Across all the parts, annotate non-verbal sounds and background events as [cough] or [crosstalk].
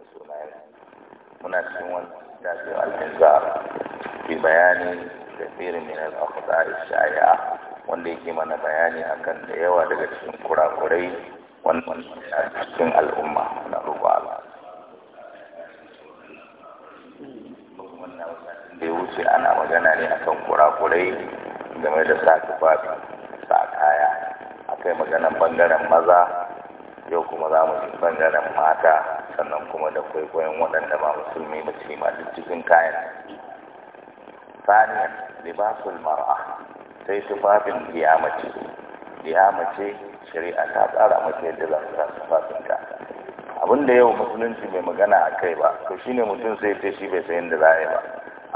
cikin sunayen muna cikin wani tafiya al fi bayani kafirin min al-akhda'i shay'a wanda yake mana bayani akan da yawa daga cikin kurakurai wannan cikin al'umma na ruwa da ya wuce ana magana ne akan kurakurai game da sa tufafi sa kaya akai maganan bangaren maza yau kuma za mu ji bangaren mata sannan kuma da kwaikwayon waɗanda ba musulmi ba su ma duk cikin kayan saniyan libasul mar'a sai tufafin liyamace liyamace shari'a ta tsara mace yadda za su fafin ta. abin da yau musulunci bai magana a kai ba to shine mutum sai ta shi bai sayin da za a yi ba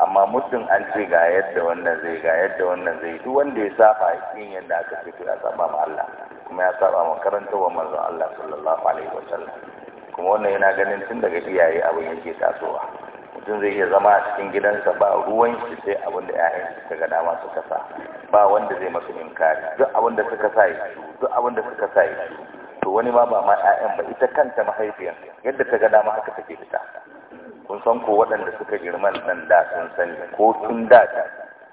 amma mutum an ce ga yadda wannan zai ga yadda wannan zai duk wanda ya saba yin yadda aka fito a ya saba ma Allah kuma ya saba ma wa manzon Allah sallallahu alaihi wasallam kuma wannan yana ganin tun daga iyaye abin yake tasowa mutum zai iya zama a cikin gidansa ba ruwan shi sai abin da ƴaƴan suka ga dama suka sa ba wanda zai masa inkari duk abin da suka sa ya duk abin da suka sa ya to wani ma ba ma ƴaƴan ba ita kanta mahaifiyar yadda ta ga dama haka take fita kun san ko waɗanda suka girman nan da sun sani ko tun da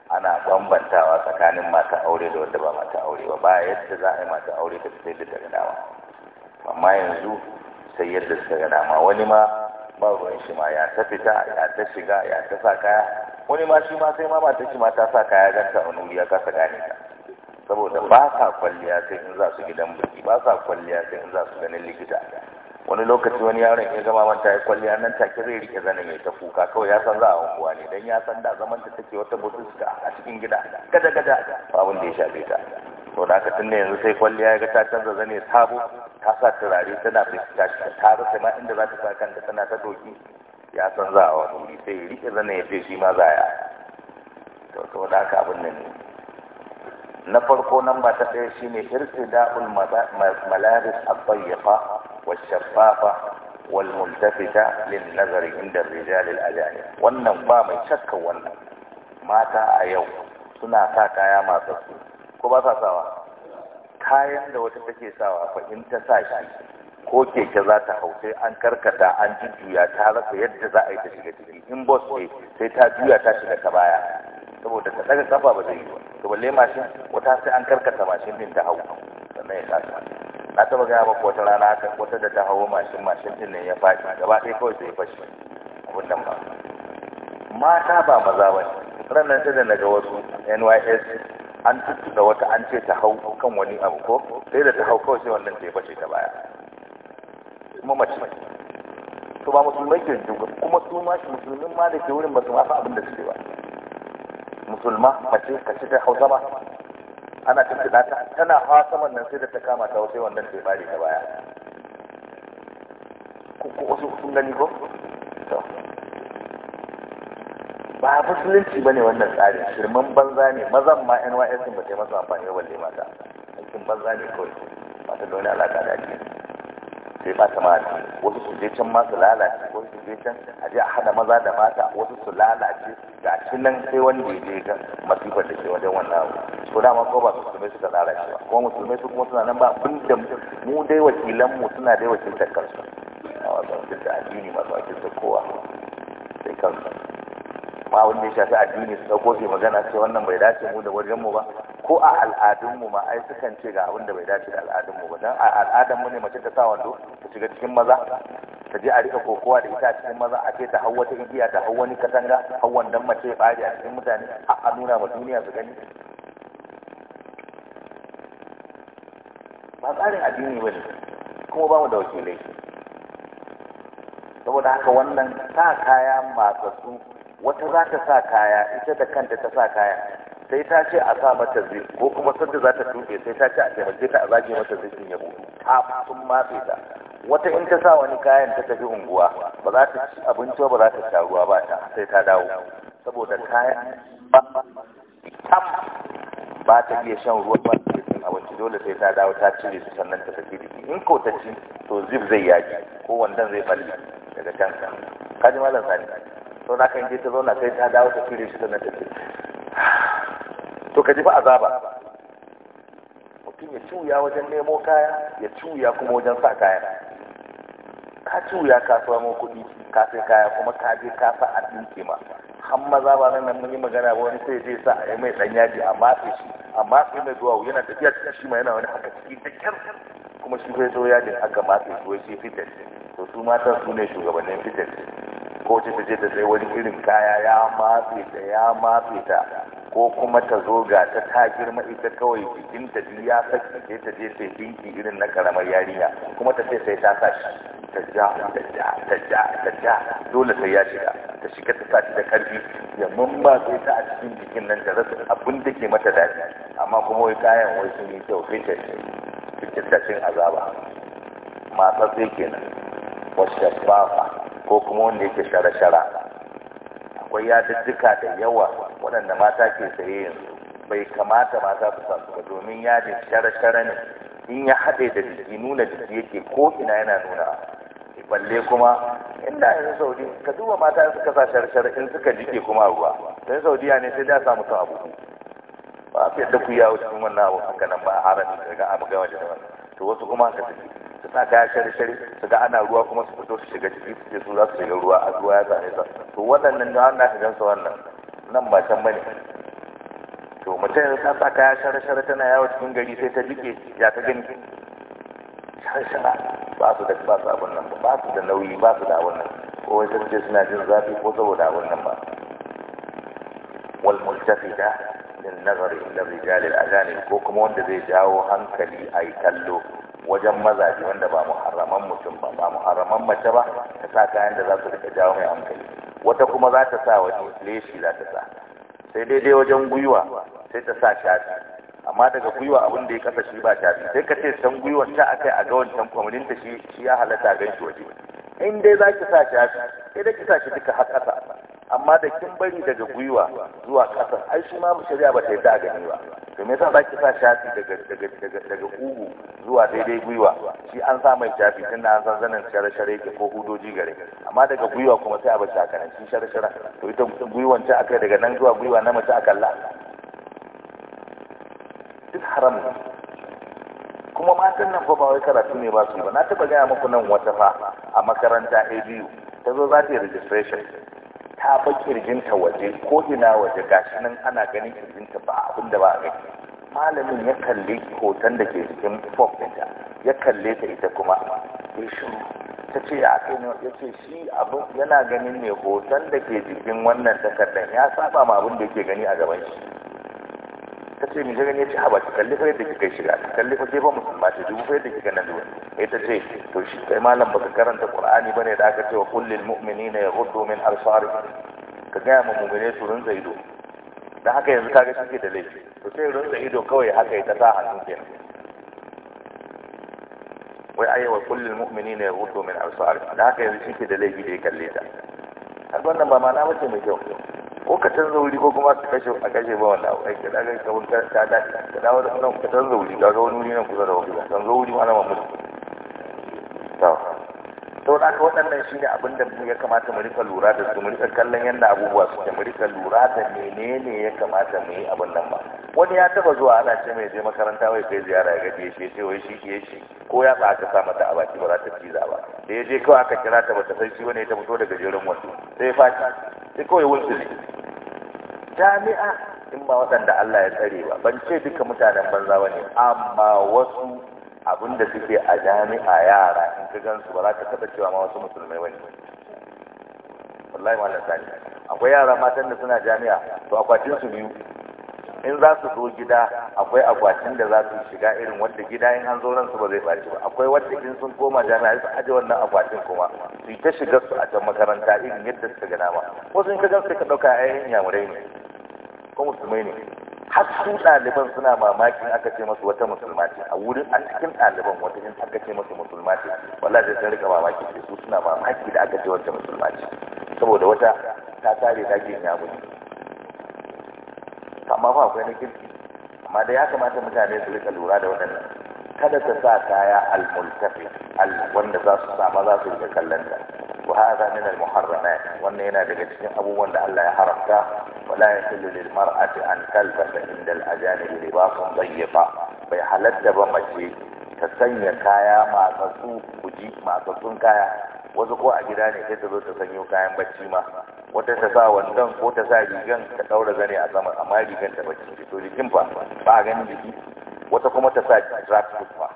ana bambantawa tsakanin mata aure da wanda ba mata aure ba ba yadda za a yi mata aure ta fitar da dama amma yanzu sai yadda suka gada, ma wani ma ba ruwan shi ma ya ta fita ya ta shiga ya ta sa kaya wani ma shi ma sai ma mata shi ma ta sa kaya ga ta wani ya kasa gane ta saboda ba sa kwalliya sai in za su gidan biki ba sa kwalliya sai in za su ganin likita wani lokaci wani yaron ya zama manta ya kwalliya nan take zai rike zanen ya ta kuka kawai ya san za a unguwa ne dan ya san da zaman ta take wata butuska a cikin gida gada gada babun abin da ya shafe ta to da aka yanzu sai kwalliya ya ga ta canza zane sabo ta sa turare tana fuska ta rasa ma inda za ta sa kanta tana ta doki ya san za a wani wuri sai rike zane ya ce shi ma za ya to to da aka abin nan na farko nan ba ta ɗaya shine irtida'ul malaris at-tayyiqa shaffafa wal-multafita lin-nazari inda ar-rijal ajani wannan ba mai shakka wannan mata a yau suna sa kaya masu ko ba sa sawa kayan da wata take sawa fa in ta sa shi ko keke za ta hau sai an karkata an ji juya ta rasa yadda za a yi ta shiga ciki in bos ne sai ta juya ta shiga ta baya saboda ta daga kafa ba zai yi ba to balle mashin wata sai an karkata mashin din ta hau sannan ya kasa na taba gaya ba wata rana aka wata da ta hawo mashin mashin din nan ya faɗi gaba ɗaya kawai sai ya fashi abin nan ba mata ba maza ba ne ranar ta da ga wasu nys an tuttuɗa wata an ce ta hau kan wani abu ko sai da ta hau kawai sai wannan da ya bace ta baya kuma mace to ba musulmai ke juga kuma su ma shi musulmin ma da ke wurin ba su ma fa abin da suke ba musulma mace ka ce ta hau zama ana tuttuɗa ta tana hawa saman nan sai da ta kama ta sai wannan da ya bare ta baya ko wasu sun gani ko to ba musulunci ba ne wannan tsarin shirman banza ne mazan ma yan wa yasin ba ta masu amfani ba balle mata aikin banza ne kawai mata ta dole alaƙa da ake sai ba ta mata wasu su je can masu lalace wasu su je can a je a hada maza da mata wasu su lalace ga shi nan sai wanda ya je ga masifar da ke wajen wannan abu da dama ko ba musulmai suka lalace ba kuma musulmai su kuma suna nan ba abin da mu dai wakilan mu suna dai wakiltar kansu a wasu da addini masu wakiltar kowa sai kansu ma wanda ya shafi addini su dauko su magana ce wannan bai dace mu da wajenmu ba ko a al'adunmu ma ai sukan ce ga abin da bai dace da al'adunmu ba dan a mu ne mace ta sa wando ta shiga cikin maza ta je a rika kokowa da ita a cikin maza a ce ta hau wata igiya ta hau wani katanga hau wandan mace ya bari a cikin mutane a nuna ma duniya su gani ba tsarin addini ba ne kuma ba mu da wakilai saboda haka wannan sa kaya su. wata za ta sa kaya ita da kanta ta sa kaya sai ta ce a sa mata zai ko kuma sanda za ta tuɓe sai ta ce a taimake ta a zage mata zai sun ya ta sun matse ta wata in ta sa wani kayan ta tafi unguwa ba za ta ci abinci ba za ta sha ruwa ba ta sai ta dawo saboda kayan tam ba ta iya shan ruwa ba ta iya abinci dole sai ta dawo ta cire su sannan ta tafi jiki in ko ta ci to zib zai yaki ko wandan zai falle daga can kaji malam sani to na kan ta zauna sai ta dawo ta cire shi da na tafi to ka ji fa azaba mutum ya cuya wajen nemo kaya ya cuya kuma wajen sa kaya ka cuya ka samo kuɗi ka sai kaya kuma ka je ka sa addin ke ma har maza ba nan mun yi magana ba wani sai je sa a yi mai dan yaji a matse shi a matse mai zuwa yana tafiya cikin shi ma yana wani haka ciki da kyar kuma shi zai zo yajin haka matse shi wai shi fitar to su matan su ne shugabannin fitar ko ce ta je ta sai wani irin kaya ya matse ta ya matse ta ko kuma ta zo ga ta ta girma ita kawai bikin ta ji ya saki sai ta je sai dinki irin na karamar yarinya kuma ta sai sai ta sa shi ta ja ta ja ta ja dole sai ya shiga ta shiga ta sa shi da karfi ya mamma sai ta a cikin jikin nan ta rasa abin da ke mata daɗi amma kuma wai kayan wai sun yi kyau sai ta ce cikin azaba sai kenan fafa, ko kuma wanda yake shara-shara akwai yadudduka da yawa waɗanda mata ke saye yanzu bai kamata mata su samu ba domin yadin shara-shara ne in ya haɗe da jiki nuna jiki yake ko ina yana nuna balle kuma inda yanzu saudi ka duba mata suka sa shara-shara in suka jike kuma ruwa don saudiya ne sai da samu ta abu ba a fiye da ku yawo cikin wannan abu haka nan ba a harami daga abu gawa da to wasu kuma haka suke sa ya shari-shari su ga ana ruwa kuma su fito su shiga ciki su ce su za su shiga ruwa a ruwa ya zane sa to waɗannan da wannan ka gansa wannan nan ba can bane to mutum ya sa kaya shari-shari tana yawo cikin gari sai ta jike ya ta gani shari-shara ba su da ba su abin nan ba su da nauyi ba su da abin nan ko wai sun ce suna jin zafi ko saboda abin nan ba wal multafita lin nazari ila rijal al ajani ko kuma wanda zai jawo hankali ai kallo wajen mazaje wanda ba muharraman mutum ba ba muharraman mace ba ta sa kayan da za su rika jawo mai hankali wata kuma za ta sa wani leshi za ta sa sai daidai wajen gwiwa sai ta sa shafi amma daga gwiwa abin da ya kasa shi ba shafi sai ka ce san gwiwa ta akai a ga wancan kwamanin ta shi ya halatta gan shi waje in dai za ki sa shafi sai da ki sa shi duka har kasa amma da kin bari daga gwiwa zuwa ƙasa ai shi ma shari'a ba ta yadda a gani ba to me yasa za ki sa shafi daga daga daga daga ugu zuwa daidai gwiwa shi an sa mai shafi tunda an san zanen shara shara yake ko hudoji gare amma daga gwiwa kuma sai a bar shaka shi shara shara to ita gwiwan ta akai daga nan zuwa gwiwa na mace akalla duk haram ne kuma matan nan fa ba wai karatu ne ba su ba na taba gaya muku nan wata fa a makaranta ABU ta zo za ta yi registration ta ba kirjinta waje ko ina waje gashi nan ana ganin kirjinta ba abin da ba a gani malamin ya kalli hoton da ke cikin pop ɗinta ya kalle ta ita kuma ya shi ta ce ya ne ya ce shi abin yana ganin ne hoton da ke jikin wannan takardar ya saba ma abin da yake gani a gaban shi ta ce mi gani ya ce haba ki kalli fa yadda kika shiga ki kalli fa ke ba musulma ce dubu fa yadda kika nan dubu sai ta ce to shi kai malam baka karanta qur'ani bane da aka ce wa kullil mu'minina yaghuddu min absarihim ka ga mu mu'mine su rinza ido dan haka yanzu kaga shi ke da laifi to sai rinza ido kawai haka ya ta sa hannu kenan wai ayi wa kullil mu'minina yaghuddu min absarihim dan haka yanzu shi ke da laifi da ya kalle ta har wannan ba ma'ana bace mai kyau ko ka canza wuri ko kuma ka kashe a kashe ba wanda ai ka daga ka wuta ta da ka dawo da nan ka canza wuri ka ga wani wuri nan kusa da wani ka canza wuri ma na mamu to to da ka waɗannan shine abin da ya kamata mu rika lura da su mu rika kallon yanda abubuwa suke mu rika lura da menene ya kamata mu yi abin nan ba wani ya taba zuwa ana ce mai je makaranta wai kai ziyara ya ga shi ce wai shi ke shi ko ya ba aka sa mata a baki ba za ta ciza ba da ya je kawai aka kira ta ba ta sai shi wani ya ta fito daga jerin wasu sai ya sai kawai wulsu ne jami'a in ba waɗanda Allah ya tsare ba ban ce duka mutanen banza ba ne amma wasu abinda da suke a jami'a yara in ka gan ba za ka taɓa cewa ma wasu musulmai wani wallahi malam sani akwai yara matan da suna jami'a to akwatin su biyu in za su zo gida akwai akwatin da za su shiga irin wanda gida in an zo nan su ba zai ba akwai wanda in sun koma jami'a su aje wannan akwatin kuma su ta shiga su a can makaranta irin yadda suka gana ba Ko sun ka gan suka ɗauka ayyukan yamurai ne ko musulmai ne har su ɗaliban suna mamakin aka ce masu wata musulma ce a wurin a cikin ɗaliban wata in aka ce masu musulma ce wallahi sai rika mamaki su suna mamaki da aka ce wata musulma ce saboda wata ta tare da ke yamuri amma ba akwai na kirki amma da ya kamata mutane su rika lura da waɗannan kada ta sa kaya al-multafi wanda za su sa maza su rika kallon ta wa hadha min al-muharramat wannan yana daga cikin abubuwan da Allah ya haramta wala yahillu lil mar'ati an talbasa inda al-ajanib libasan dayyiqa bai halatta ba mace ta sanya kaya matsatsu kuji kaya wasu ko a gida ne sai ta zo ta sanyo kayan bacci ma wata ta sa wandon ko ta sa rigan ta ɗaura zane a sama amma rigan ta bacci to jikin fa ba a ganin jiki wata kuma ta sa tracksuit fa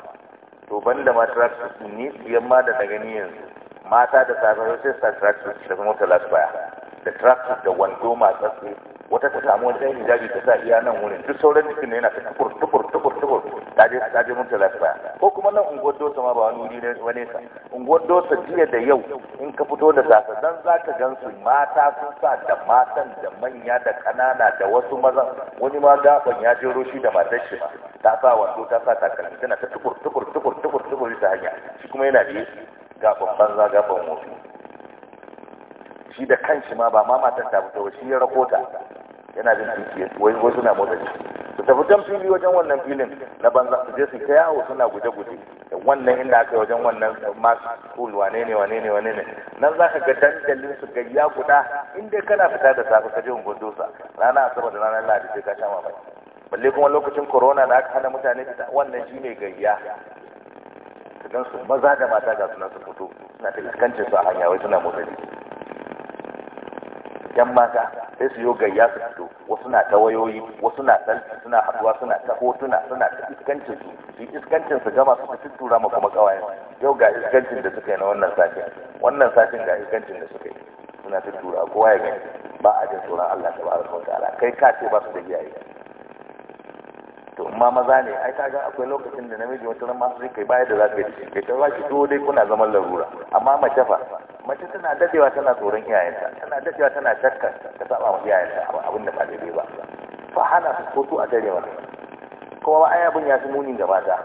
to banda ma tracksuit ne, siyan ma da na gani yanzu mata da safe sai sa tracksuit da kuma talas baya da tracksuit da wando tsatsi wata ta samu wani ɗan jaji ta sa iya nan wurin duk sauran jikin yana ta tukur tukur tukur tukur ta je ta je mun ko kuma nan unguwar dosa ma ba wani wuri ne wani sa unguwar dosa jiya da yau in ka fito da zasa dan za ka gan su mata sun sa da matan da manya da ƙanana da wasu mazan wani ma gaban ya je roshi da matar shi ma ta sa wando ta sa takalmi tana ta tukur tukur tukur tukur tukur ta hanya shi kuma yana biye gaban banza gaban wofi shi da kanshi ma ba ma matan ta fito shi ya rakota yana jin titi wai wasu na motsa jiki. su tafi can fili wajen wannan filin na banza su je su ta yawo suna guje-guje wannan inda aka yi wajen wannan masu school wane ne wane ne wane ne nan za ka ga dandalin su gayya guda in dai kana fita da safe ka je unguwar dosa rana asabar da ranar lahadi sai ka sha mamaki balle kuma lokacin corona da aka hana mutane fita wannan shi ne gayya ka su maza da mata ga suna su fito suna ta iskancin su a hanya wai suna motsa jiki yan mata sai su yi gayya su fito wasu na ta wayoyi wasu na salfi suna haduwa suna ta hotuna suna ta iskancin su su iskancin su gama su ta tura ma kuma kawayen yau ga iskancin da suka yi na wannan satin wannan satin ga iskancin da suka yi suna ta tura kowa ya gani ba a jin tsoron Allah ta baraka wa ta'ala kai ka ce ba su da iyaye to ma maza ne ai kaga akwai lokacin da namiji wata ran ma sai kai baya da ka yi kai ta ba ki to dai kuna zaman larura amma mace fa mace tana dadewa tana tsoron iyayenta tana dadewa tana shakka ta saba wa iyayenta abin da ba daidai ba fa hana su ko a dare wani kuma ba ya fi muni gaba ta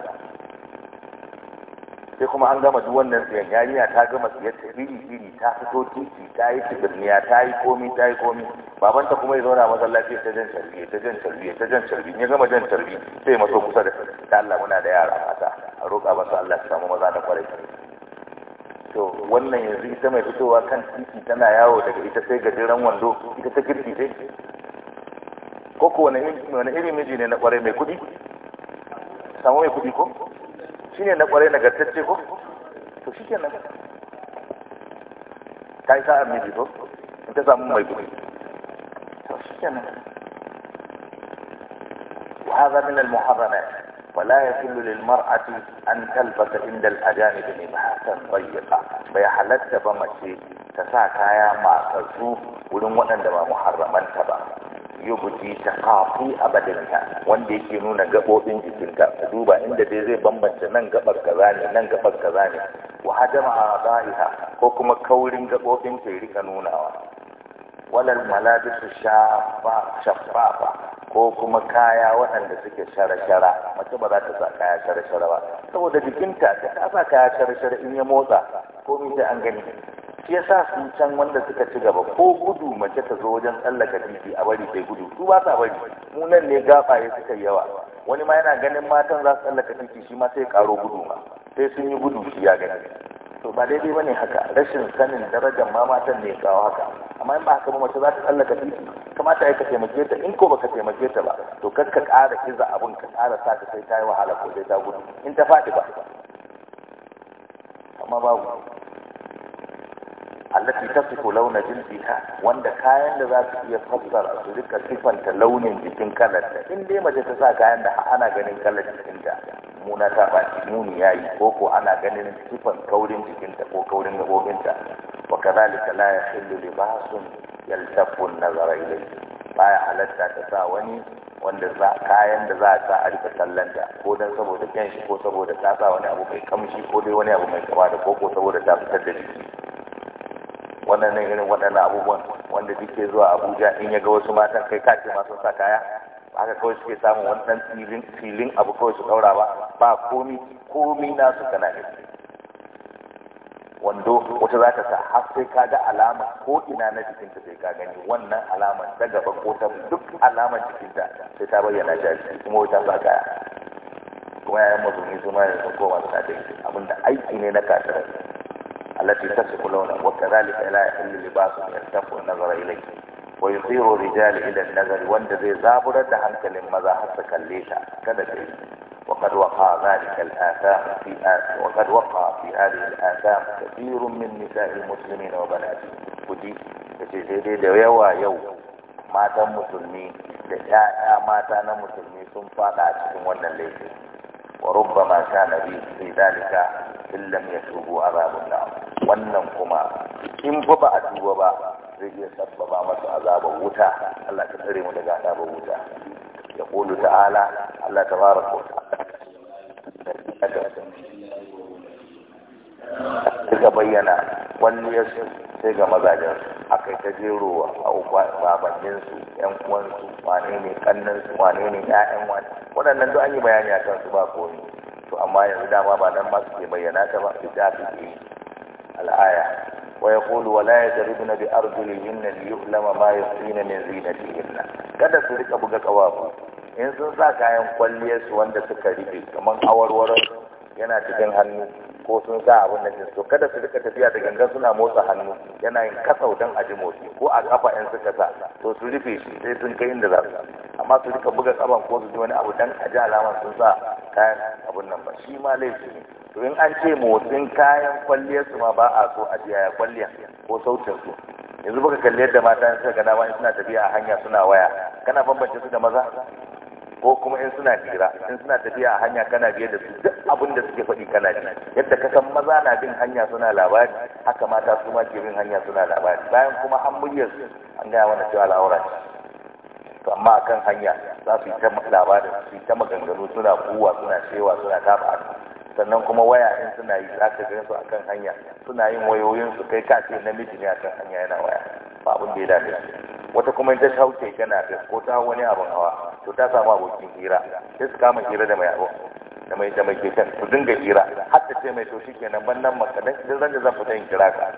sai kuma an gama duk wannan siyan yarinya ta gama siyar ta iri iri ta fito titi ta yi birniya, ta yi komi ta yi komi babanta kuma ya zauna lafiya ta jan carbi ta jan carbi ta jan carbi ya gama jan carbi sai maso kusa da Allah muna da yara mata a roƙa masa Allah ya samu maza da kwarai to wannan yanzu ita mai fitowa kan titi tana yawo daga ita sai gajeren wando ita ta girki ce ko ko wani irin miji ne na kware mai kuɗi samu mai kuɗi ko shi ne na kware na nagartacce ko to shi kenan ta yi sa'ar miji ko in ta samu mai kudi to shi kenan wa hadha min al-muharramat ولا يحل للمرأة أن تلبس عند الأجانب مبحثا ضيقا بيحلت بمشي تساكايا ما تسو ولن ودن ما محرما تبا yubuti ta a abadinta wanda yake nuna gaɓoɓin jikinta ka duba inda dai zai bambanta nan gaɓar kaza ne nan gaɓar kaza ne wa hajama a ko kuma kaurin gaɓoɓin ta rika nunawa walal su shafafa ko kuma kaya waɗanda suke shara-shara mace ba za ta sa kaya shara-shara ba saboda jikinta ta ta sa kaya shara-shara in ya motsa ko sai an gani shi yasa sun can wanda suka ci gaba ko gudu mace ta zo wajen tsallaka titi a bari sai gudu su ba sa bari mu nan ne gafaye suka yi yawa wani ma yana ganin matan za su tsallaka titi shi ma sai karo gudu ma sai sun yi gudu shi ya gani to ba daidai bane haka rashin sanin darajar ma matan ne ya kawo haka amma in ba haka mace za ta tsallaka titi kamata ya ka taimake ta in ko baka taimake ta ba to kar ka ƙara kiza abin ka ƙara sa ta sai ta yi wahala ko sai ta gudu in ta faɗi ba amma babu allati tasifu launa jinsiha wanda kayan da za su iya fassara su rika sifanta launin jikin kalar in dai mace ta sa kayan da ana ganin kalar ta muna ta baki muni ya yi ko ko ana ganin sifan kaurin jikinta ko kaurin ta wa kazalika la yahillu libasun yaltafu an-nazara ilayhi baya halatta ta sa wani wanda za kayan da za a sa a rika kallanta ko dan saboda kyan shi ko saboda ta sa wani abu mai kamshi ko dai wani abu mai kama da ko ko saboda ta fitar da jiki wannan irin waɗannan abubuwan wanda duk ke zuwa Abuja in ya ga wasu matan kai kace ma sun sa kaya aka kawai suke samun wannan filin filin abu kawai su daura ba ba komi komi na su kana ne wando wata za ta sa har sai ka ga alama ko ina na jikinta sai ka gani wannan alama ta gaba ko ta duk alama jikinta sai ta bayyana jari kuma wata ba kaya kuma yayan mazuni su ma yanzu koma suna da abinda aiki ne na kafirai التي تصف لونه وكذلك لا يحل لباس يلتف النظر اليه ويصير الرجال الى النذر والذي زابر دهن كلم مذاهب تكليسا كذلك وقد وقع ذلك الآثام في آل وقد وقع في هذه الآثام كثير من نساء المسلمين وبناتهم كتي كتي يوا يو ما تم مسلمي لأ ما تانا مسلمي ثم فاتعت من ولا الليل وربما كان بي في ذلك إن لم يتوبوا عذاب النار ولن كما إن ببعد وبا zai iya sabbaba masu azabar wuta Allah ta tsare mu daga azabar wuta ya kulu ta'ala Allah ta fara kota suka bayyana wani ya sai ga mazajen kai ta jerowa a babanninsu yan uwansu wane ne su wane ne 'ya'yan wani waɗannan duk an yi bayani a kansu ba komi to amma yanzu dama ba nan ma suke bayyana ta ba su ta fi al'aya ويقول ولا يضربن بأرجلهن ليعلم ما يخفين من زينتهن kada su rika buga kawafu in sun sa kayan kwalliyar su wanda suka rufe kamar awarwaron yana cikin hannu ko sun sa abin da jinsu kada su rika tafiya da gangan suna motsa hannu yana yin kasau don a ji motsi ko a kafa in suka sa to su rufe shi sai sun kai inda za su amma su rika buga kaban ko su ji wani abu dan a ji alamar sun sa kayan abin nan ba shi ma laifi ne in an ce motsin kayan kwalliyar su ma ba a so a jiya kwalliya ko sautin su yanzu baka kalli yadda mata suka gana dama in suna tafiya a hanya suna waya kana bambance su da maza ko kuma in suna hira in suna tafiya a hanya kana biye da su duk abin da suke faɗi kana ji yadda ka san maza na bin hanya suna labari haka mata su ma ke bin hanya suna labari bayan kuma an muryar su an gaya mana cewa al'aura ce to amma akan hanya za su yi ta labarin su yi ta maganganu suna buwa suna cewa, suna kafa hannu sannan kuma waya in suna yi za ka gani su a kan hanya suna yin wayoyin su kai ka ce namiji ne a kan hanya yana waya ba abin da ya dace wata kuma ta hau keke na ta ko ta wani abin hawa to ta samu abokin hira sai su kama hira da mai abu da mai da mai keken su dinga hira har ta ce mai to shi kenan ban nan maka dan idan zan zan fita in kira ka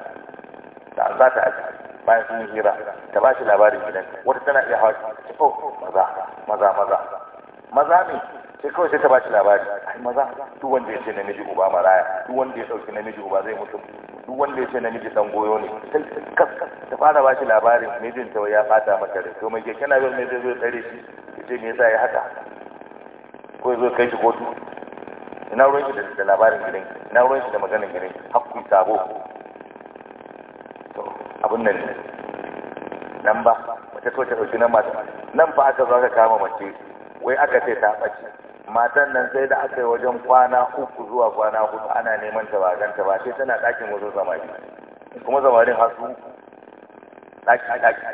ta an za ta aji bayan sun yi hira ta ba shi labarin gidan wata tana iya hawa ta ce oh maza maza maza maza ne sai kawai sai ta ba shi labari ai maza duk wanda ya ce namiji uba maraya duk wanda ya dauki namiji uba zai mutu duk wanda ya ce namiji dan goyo ne sai kas ta fara shi labarin mijin ta ya fata maka da to mai keke na yau mai zai zo tsare shi ya ce me yasa ya haka ko ya zo kai shi kotu ina ruwan shi da labarin gidan ina ruwan shi da maganin gidan hakku sabo to abun nan ne nan ba mace so ta dauki nan ba nan fa aka zo aka kama mace wai aka ce ta ɓace matan nan sai da aka yi wajen kwana uku zuwa kwana hudu ana neman ta ba ganta ba sai tana ɗakin wasu samari kuma samarin hasu. ɗaki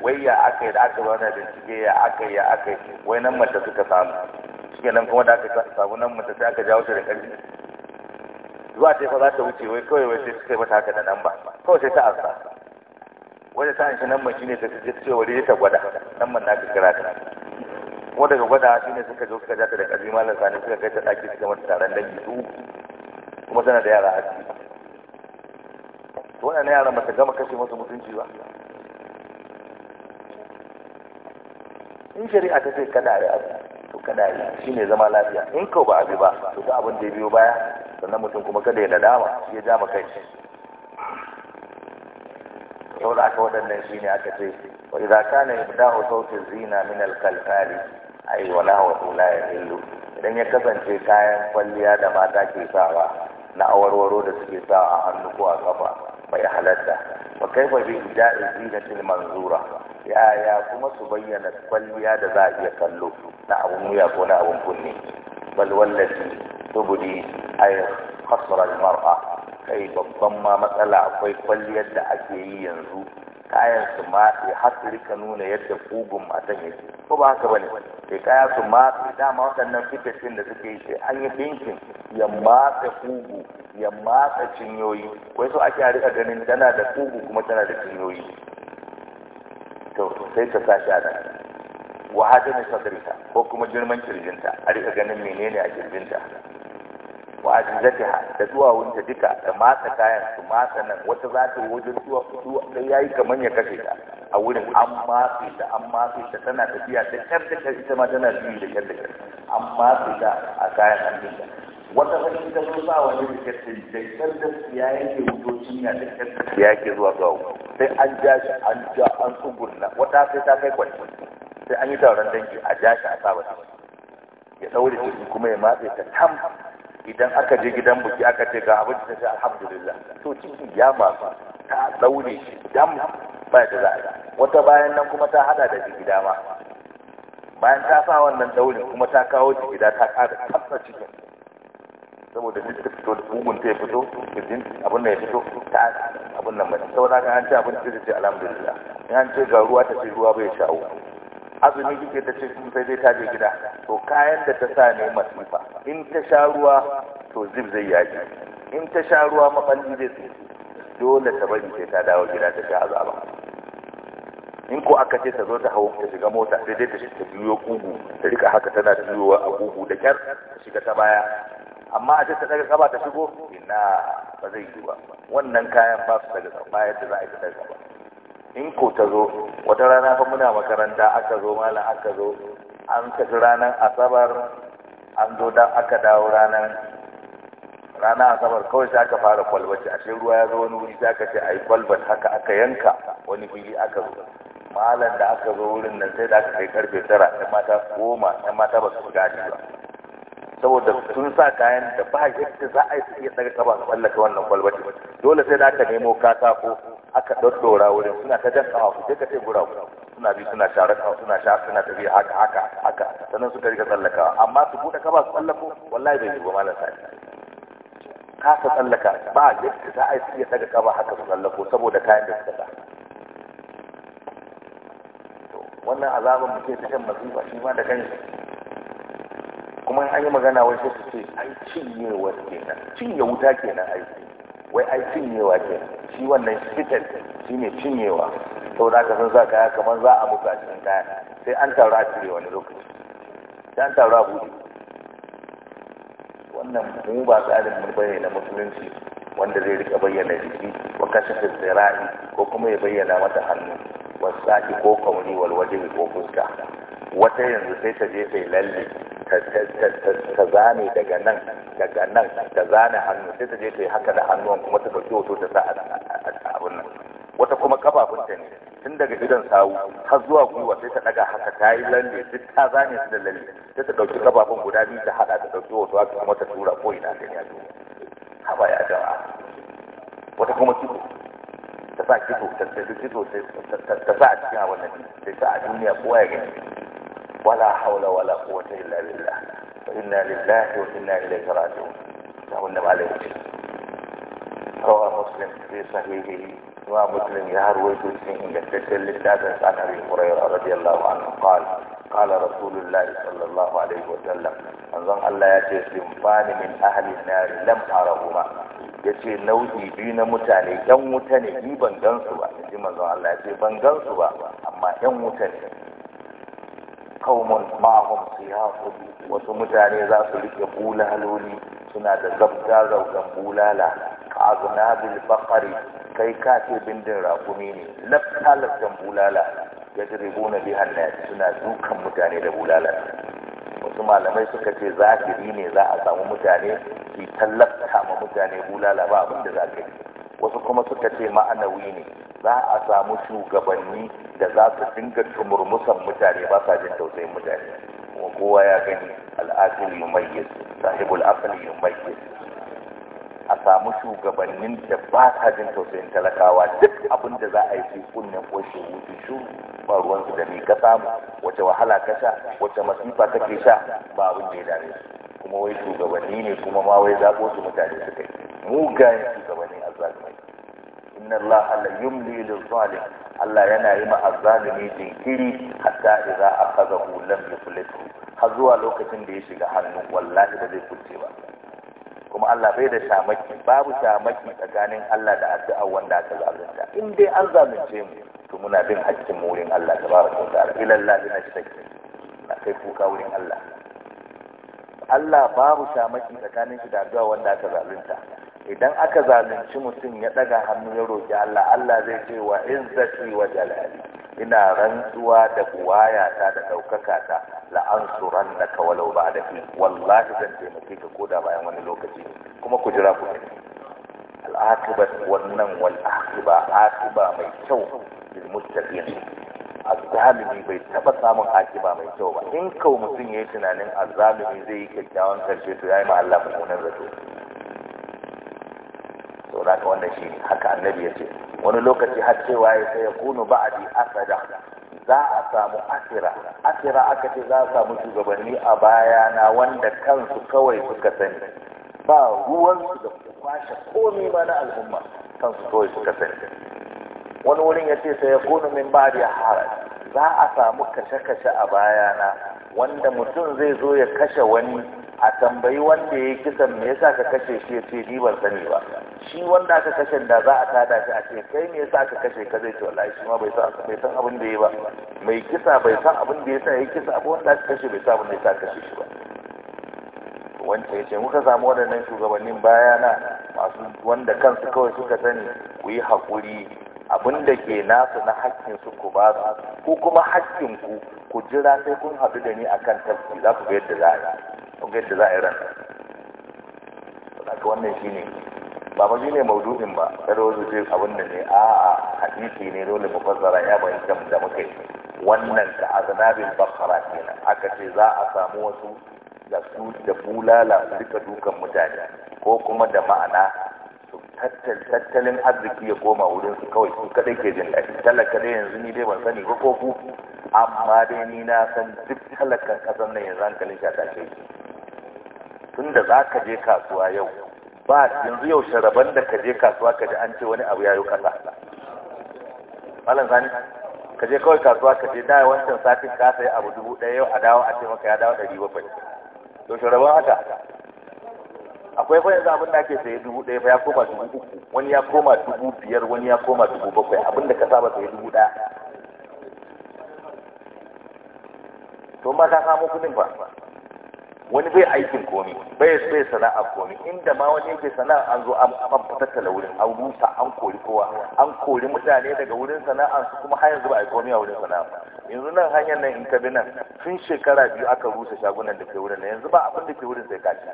wai ya aka yi da aka ba na bincike ya aka yi ya aka yi wai nan mace suka samu shi nan kuma da aka samu nan mace sai aka jawo ta da ƙarfi zuwa ta yi za ta wuce wai kawai wai sai suka yi mata haka da nan ba kawai sai ta asa wanda ta an shi nan mace ne ta ce wani ta gwada nan mata na ka kira ta kuma daga gwada shi ne suka zo suka jata da ƙarfi malam sani suka kai ta ɗaki suka mata taron dangi su kuma tana da yara haske to waɗannan yaran ba ta gama kashe masu mutunci ba in shari'a ta ce kada a abu to kada a shi ne zama lafiya in kau ba abu ba to ta abin da ya biyo baya sannan mutum kuma kada ya nadama shi ya jama ma kai saboda aka waɗannan shi ne aka ce wa idza kana yabda'u sautin zina min al qalqali ai wala wa tula ya hillu idan ya kasance kayan kwalliya da mata ke sawa na awarwaro da suke sa a hannu ko a kafa bai halatta wa kaifa bi ida'i zinatil manzura yaya kuma su bayyana kwalliya da za a iya kallo na abun wuya ko na abun kunne bal wallati tubdi ay khasra al mar'a kai babban ma matsala akwai kwalliyar da ake yi yanzu kayan su matse har su rika nuna yadda kugun matan yake ko ba haka bane sai kaya su matse dama waɗannan fitaccin da suke yi sai an yi ɗinkin ya matse kugu ya matse cinyoyi wai so ake rika ganin tana da kugu kuma tana da cinyoyi to sai ta sashi a nan wa hajjin sadrinta ko kuma girman kirjinta a rika ganin menene a kirjinta wa azizatiha da wunta duka da matsa kayan su matsa nan wata za ta wajen zuwa duwa sai yi kamar ya kashe ta a wurin an matsa ta an matsa ta tana tafiya da kyar da kyar ita ma tana tafiya da kyar da kyar an matsa ta a kayan hannunta wata hanyar ta zo sa wani da kyar da da ya yake wutocin ya da kyar da ya yake zuwa zuwa sai an ja shi an ja an tsugunna wata sai ta kai kwanci sai an yi taron dangi a ja shi a sa ya ɗaure kuma ya matse ta tam idan aka je gidan buki aka ce ga abinci ta ce alhamdulillah to ciki ya masu ta daure shi dam ba da za a wata bayan nan kuma ta hada da gida ma bayan ta sa wannan daure kuma ta kawo shi gida ta kada tsatsa cikin saboda duk da fito da bugun ta ya fito din abin da ya fito ta abin nan mai saboda ka an ce abin da ta ce alhamdulillah in an ce ga ruwa ta ce ruwa bai shawo azumi kike ta ce sai dai ta gida to kayan da ta sa ne masifa in ta sha ruwa to zib zai yaki in ta sha ruwa maballi zai su. dole ta bari sai ta dawo gida ta sha azaba in ko aka ce ta zo ta hau ta shiga mota sai dai ta shiga juyo kugu ta rika haka tana juyowa a kugu da kyar ta shiga ta baya amma a ce ta daga kaba ta shigo ina ba zai yi ba wannan kayan ba su daga kaba da za a yi ta daga kaba in ko ta zo wata rana fa muna makaranta aka zo malam aka zo an tafi ranar asabar an zo dan aka dawo ranar rana asabar kawai sai aka fara kwalbaci ashe ruwa ya zo wani wuri sai aka ce ai kwalbat haka aka yanka wani fili aka zo malam da aka zo wurin nan sai da aka kai karfe tara ɗan mata goma ɗan mata ba su gaji ba saboda sun sa kayan da ba yadda za a yi su iya tsaga kaba su tsallaka wannan kwalbati dole sai da aka nemo ko aka ɗaɗɗora wurin suna ta jan kafa ku ka sai gura suna bi suna share kafa suna sha suna tafi haka haka haka sannan suka rika tsallakawa amma su buɗe kaba su tsallako wallahi bai yi ba malam sani Kasa tsallaka ba yadda za a yi su iya tsaga kaba haka su tsallako saboda kayan da suka sa wannan azabin mutum ta shan masifa shi ma da kanshi kuma an yi magana wai sai su ce ai cinyewa kenan cinye wuta kenan ai wai ai cinyewa kenan shi wannan fitar shi ne cinyewa da haka sun sa kaya kamar za a mutu a cikin kaya sai an taru a cire wani lokaci sai an taru a buɗe wannan mu ba tsarin mu bane na musulunci wanda zai rika bayyana jiki wa kashe zira'i ko kuma ya bayyana mata hannu wasaki ko kauni wal ko fuska wata yanzu sai ta je sai lalle ta zane daga nan daga nan ta zane hannu sai ta je ta yi haka da hannuwan kuma ta dauki hoto ta sa a abun nan wata kuma kafafunta ne tun daga idan sawu har zuwa gwiwa sai ta daga haka ta yi lalle duk ta zane su da lalle sai ta dauki kafafun guda biyu ta hada ta dauki hoto haka kuma ta tura ko ina da ya haba ya jama'a wata kuma kibo ارتفعت جدا وتزددت وتزددت فيها والنبي تسع دنيا افواجا ولا حول ولا قوة الا بالله فانا لله وانا اليه راجعون له النبي عليه الصلاة رواه مسلم في صحيحه رواه مسلم يا رويت الدين عن ابي هريرة رضي الله عنه قال قال رسول الله صلى الله عليه وسلم manzon Allah ya ce sinfani min ahli nar lam Ya yace nau'i biyu na mutane yan wuta ne ni ban gansu ba ji manzon Allah ya ce ban gansu ba amma yan wuta ne qaumun ma'ahum siyafu wasu mutane za su rike bulaloli suna da zabga zaugan bulala ka'azna bil baqari kai kace bindin rakumi ne lafta laftan bulala ya na bi hannaye suna dukan mutane da bulala. wasu malamai suka ce zahiri ne za a samu mutane ki tallafta ma mutane bulala ba abin da za ka yi wasu kuma suka ce ma'anawi ne za a samu shugabanni da za su dinga tumurmusan mutane ba sa jin tausayin mutane kuma kowa ya gani al'aqil yumayyiz sahibul aqli yumayyiz a samu shugabannin da ba sa jin tausayin talakawa duk abin da za a yi su kunnen shi wuce shu ba ruwansu da ni ka samu wace wahala ka sha wace masifa kake sha ba abin da ya dame kuma wai shugabanni ne kuma ma wai zaɓo su mutane su kai mugayen shugabanni a zalimai inna allaha la yumli lil zalim Allah yana yi ma azzalimi jinkiri hatta a idza akhadahu lam yuflitu har zuwa lokacin da ya shiga hannu wallahi ba zai kuce ba kuma Allah bai da shamaki babu shamaki tsakanin Allah da addu'a wanda aka zalunta in dai an zalunce mu to muna bin hakkin mu wurin Allah tabaraka wa ta'ala ila Allah na shakki na kai kuka wurin Allah Allah babu shamaki tsakanin shi da addu'a wanda aka zalunta idan aka zalunci mutum ya daga hannu ya roki Allah Allah zai ce wa zati wa jalali ina rantsuwa da buwaya ta da ɗaukaka ta la'ansuran ka kawalau ba da fi wallahi zan taimake ka ko da bayan wani lokaci kuma ku jira ku ne wannan wal aqiba mai kyau bil muttaqin azzalimi bai taba samun aqiba mai kyau ba in kau mutum yi tunanin azzalimi zai yi kyakkyawan karshe to yayi ma Allah mummunan zato to za ka wannan shi haka annabi ya ce wani lokaci har cewa ya sai ya kunu ba'adi asada za a samu asira asira aka ce za a samu shugabanni a bayana wanda kansu kawai suka sani ba ruwansu da kwashe komai ba na al'umma kansu kawai suka sani wani wurin ya ce sai ya kunu min ba'adi haraj za a samu kashe-kashe a bayana wanda mutum zai zo ya kashe wani a tambayi wanda ya kisan me yasa ka kashe shi ya ce ni ban sani ba shi wanda aka kashe da za a tada shi a ce kai me yasa aka kashe ka zai ce wallahi shi ma bai san bai san abin da ya ba mai kisa bai san abin da yasa ya kisa abu wanda aka kashe bai san abin da yasa ka kashe shi ba wanda ya ce muka samu waɗannan shugabannin bayana masu wanda kansu kawai suka sani ku yi haƙuri abin da ke nasu na haƙƙin su ku ba ko ku kuma haƙƙin ku ku jira sai kun haɗu da ni akan tafki za ku ga yadda za a yi kun yadda za a yi ran wannan shi ne ba ma shi ne maudu'in ba kada wasu ce abin da ne a a hadisi ne dole mu fassara ya kan da muka yi wannan ka aznabin bakara kenan aka ce za a samu wasu da su da bulala su rika dukan mutane ko kuma da ma'ana tattalin arziki ya koma wurin su kawai su kadai ke jin daɗi talaka dai yanzu ni dai ban sani ba ko ku amma dai ni na san duk talakan kasan nan yanzu hankalin shi a tashe tunda za ka je kasuwa yau ba yanzu yau sharaban da ka je kasuwa ka ji an ce wani abu ya yi kasa malam zani ka je kawai kasuwa ka je daya wancan satin ka sayi abu dubu ɗaya yau a dawo a ce maka ya dawo ɗari bakwai to sharaban haka akwai fa yanzu abin da ake saye dubu ɗaya fa ya koma dubu uku wani ya koma dubu biyar wani ya koma dubu bakwai abin da ka saba saye dubu ɗaya to ba ka samu kuɗin ba wani bai aikin komi bai bai sana'a komi inda ma wani yake sana'a an zo an tattala wurin an rusa an kori kowa an kori mutane daga wurin sana'a su kuma har yanzu ba a komi a wurin sana'a yanzu nan hanyar nan in ka bi nan tun shekara biyu aka rusa shagunan da ke wurin yanzu ba abin da ke wurin sai kashi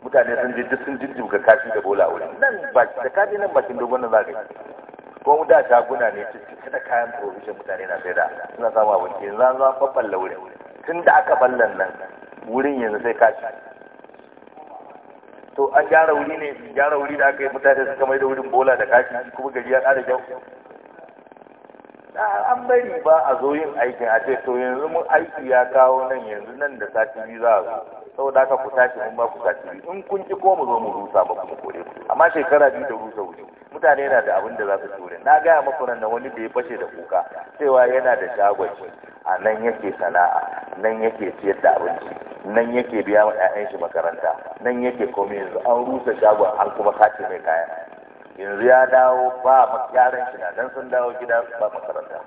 mutane sun jiddi sun jiddi ga kashi da bola wurin nan ba da kaji nan bakin dogon nan za ka yi ko da shaguna ne cikin da kayan provision mutane na sai da suna samu abinci yanzu an zo an faffalla wurin tun da aka ballan nan wurin yanzu sai kaci to an gyara wuri ne gyara wuri da aka yi mutane suka mai da wurin bola da kaci kuma gari ya ƙara kyau an bari ba a zo yin aikin a ce to yanzu mun aiki ya kawo nan yanzu nan da sati biyu za a zo saboda haka ku tashi in ba ku tashi in kun ki ko mu zo mu rusa ba kuma kore amma shekara biyu da rusa wuce mutane yana da abin da za su ture na gaya maku nan wani da ya fashe da kuka cewa yana da shagon a nan yake sana'a nan yake siyar da abinci nan yake biya wa 'ya'yan shi makaranta nan yake komai yanzu an rusa shagon an kuma kace mai kaya yanzu ya dawo ba yaran shi na dan sun dawo gida ba makaranta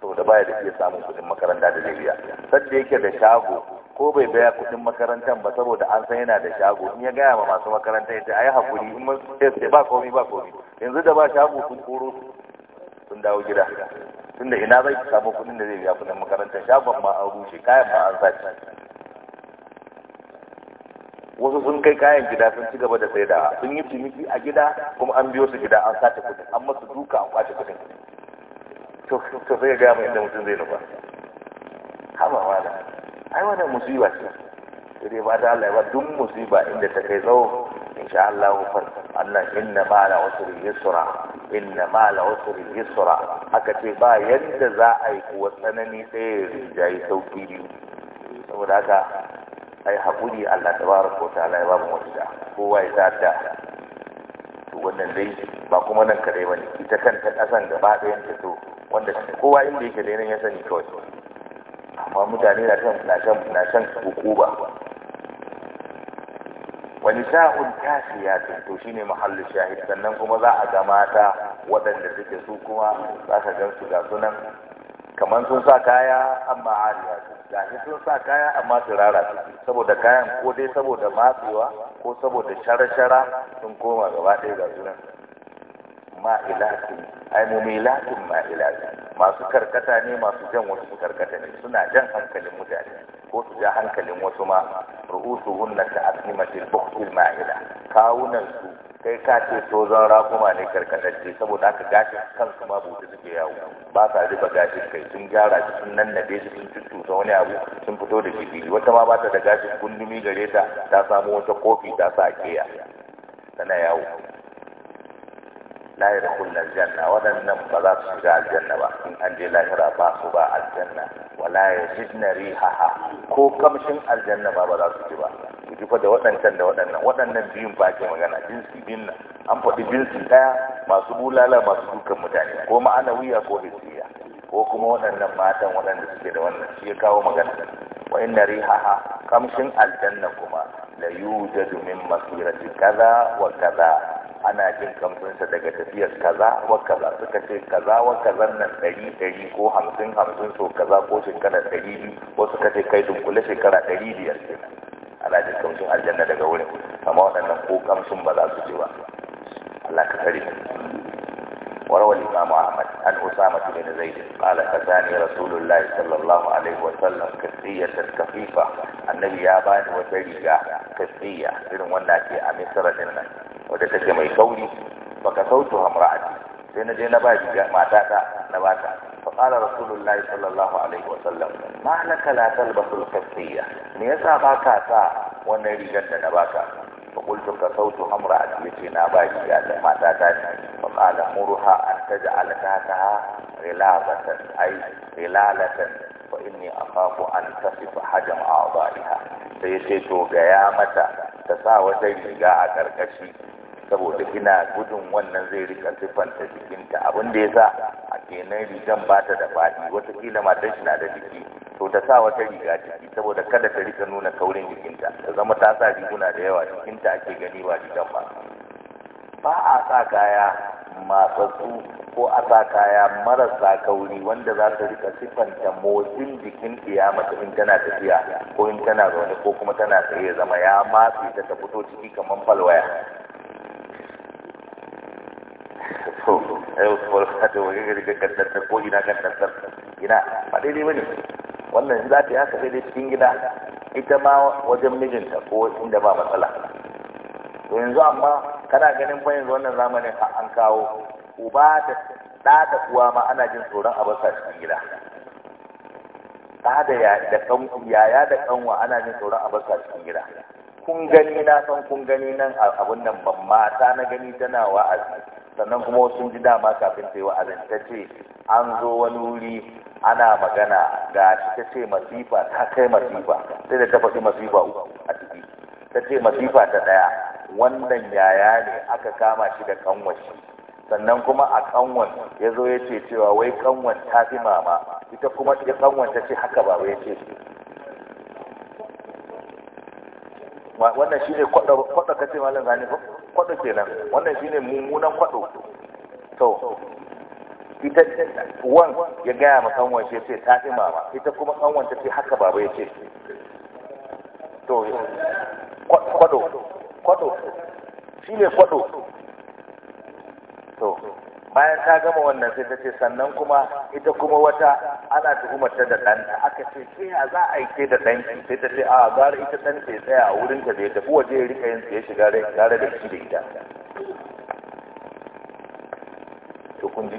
saboda baya da ke samun kuɗin makaranta da zai biya sadda yake da shago ko bai biya kuɗin makarantar ba saboda an san yana da shago in ya gaya ma masu makaranta ya ce ai hakuri in mun sai ba komi ba komi yanzu da ba shago sun koro sun dawo gida tunda ina zai samu kuɗin da zai biya kuɗin makarantar shagon ma an rushe kayan ma an sace wasu sun kai kayan gida sun ci gaba da saidawa sun yi ciniki a gida kuma an biyo su gida an sace kuɗin an masu duka an kwace kuɗin to sai ga mai da mutum zai nufa haba wala ai wannan musiba ce sai dai ba ta Allah ba duk musiba inda ta kai tsawo insha Allah fa Allah inna ma la usri yusra inna ma la usri yusra aka ce ba yadda za a yi kuwa tsanani sai yi sauki biyu saboda haka ai haƙuri Allah tabaraka wa ta'ala ya ba mu wata kowa ya ta'adda to wannan dai ba kuma nan kare bane ita kanta kasan gaba ɗayan ta to wanda kowa inda yake da yanayin ya sani kawai amma mutane na shan na shan na shan hukuba wani sa'un kasiya to ne mahallu shahid sannan kuma za a ga mata waɗanda suke su kuma za ka gan su ga sunan kamar sun sa kaya amma ariya ga shi sun sa kaya amma turara saboda kayan ko dai saboda matsuwa ko saboda shara-shara sun koma gaba ɗaya ga sunan ma'ilatin ai mumilatin masu karkata ne masu jan wasu karkata ne suna jan hankalin mutane ko su ja hankalin wasu ma ru'usu hunna ta asnimatil bukhtil ma'ila kawunan su kai ka ce tozon rakuma ne karkatacce saboda haka gashin kansu ma bude suke yawo ba sa zuba gashin kai sun gyara shi sun nannabe shi sun wani abu sun fito da shi wata ma ba ta da gashin gundumi gare ta ta samu wata kofi ta sa keya tana yawo la ya dakhul aljanna wadannan ba za su shiga aljanna ba in an je lahira ba su ba aljanna wala ya yajidna rihaha ko kamshin aljanna ba ba za su ji ba ku ji fa da waɗancan da waɗannan waɗannan biyun ba ke magana jinsi biyun nan an faɗi jinsi ɗaya masu bulala masu dukan mutane ko ma'ana wuya ko hisiya ko kuma waɗannan matan waɗanda suke da wannan shi ya kawo magana wa inna rihaha kamshin aljanna kuma la yujadu min masirati kaza wa kaza ana jin kamfinsa daga tafiyar kaza wa kaza suka ce kaza wa kazan nan ɗari ɗari ko hamsin hamsin so kaza ko shekara ɗari biyu ko suka ce kai dunkule shekara ɗari biyar kenan ana jin kamshin aljanna daga wurin amma waɗannan ko kamshin ba za su ji ba Allah ka kare وروى الإمام أحمد عن أسامة بن زيد قال أتاني رسول الله صلى الله عليه وسلم كسية كفيفة النبي يابان وتريقة كسية إذن ونأتي أمسر wadda take mai kauri baka sautu ha mura'ati sai na je na ba shi matata na ba ta fa qala rasulullahi sallallahu alaihi wa sallam ma laka la talbasul khafiyya me yasa ba ka sa wannan rigar da na baka fa qultu ka sautu ha hamra'ati ce na ba shi ga matata fa qala muruha an taj'al kaha rilabatan ay rilalatan fa inni akhafu an tasifa hajam a'dha'iha sai sai to ga ya mata ta sa wata riga a karkashi saboda ina gudun wannan zai rika siffanta jikinta abin da ya sa a kenan rigan ba ta da faɗi Wataƙila matar shi na da jiki to ta sa wata riga jiki saboda kada ta rika nuna kaurin jikinta ta zama ta sa riguna da yawa jikinta ake gani ba rigan ba ba a sa kaya matsatsu ko a sa kaya marasa kauri wanda za su rika siffanta motsin jikin mace in tana tafiya ko in tana zaune ko kuma tana tsaye zama ya matsi ta fito ciki kamar falwaya Yau ai kuma ka ta wani gari ga kaddantar ko ina kaddantar Gina ba daidai bane wannan za ta yi haka sai dai cikin gida ita ma wajen mijinta ko inda ba matsala to yanzu amma kana ganin fa yanzu wannan zamanin an kawo uba da ɗa da uwa ma ana jin tsoron a basa cikin gida ɗa da yaya da ƙanwa ana jin tsoron a basa cikin gida kun gani na san kun gani nan abun nan ban mata na gani tana wa'azi sannan kuma wasu ji dama kafin ta yi wa'azi. ta ce an zo wani wuri ana magana ga shi ta ce masifa ta kai masifa sai da tafasi masifa masifa a ciki ta ce masifa ta ɗaya wannan yaya ne aka kama shi da kanwashi sannan kuma a kanwan ya zo ya ce cewa wai kanwan ta fi mama ita kuma ya kanwan ta ce haka ba ya ce wannan shine kwado kwado kace malam zani ko kwado kenan wannan shine mummunan kwado to ita wan ya gaya ma kanwan shi ce ta ba ita kuma kanwan ta ce haka baba ya ce to kwado kwado shine kwado to bayan ta gama wannan sai ta ce sannan kuma ita kuma wata ana tuhumar ta da ɗanta aka ce ke a za a yi ke da ɗanki sai ta ce a gara ita ɗan ke tsaya a wurin ta da ya tafi waje ya rika yin tsaye shiga gara da shi da ita to kun ji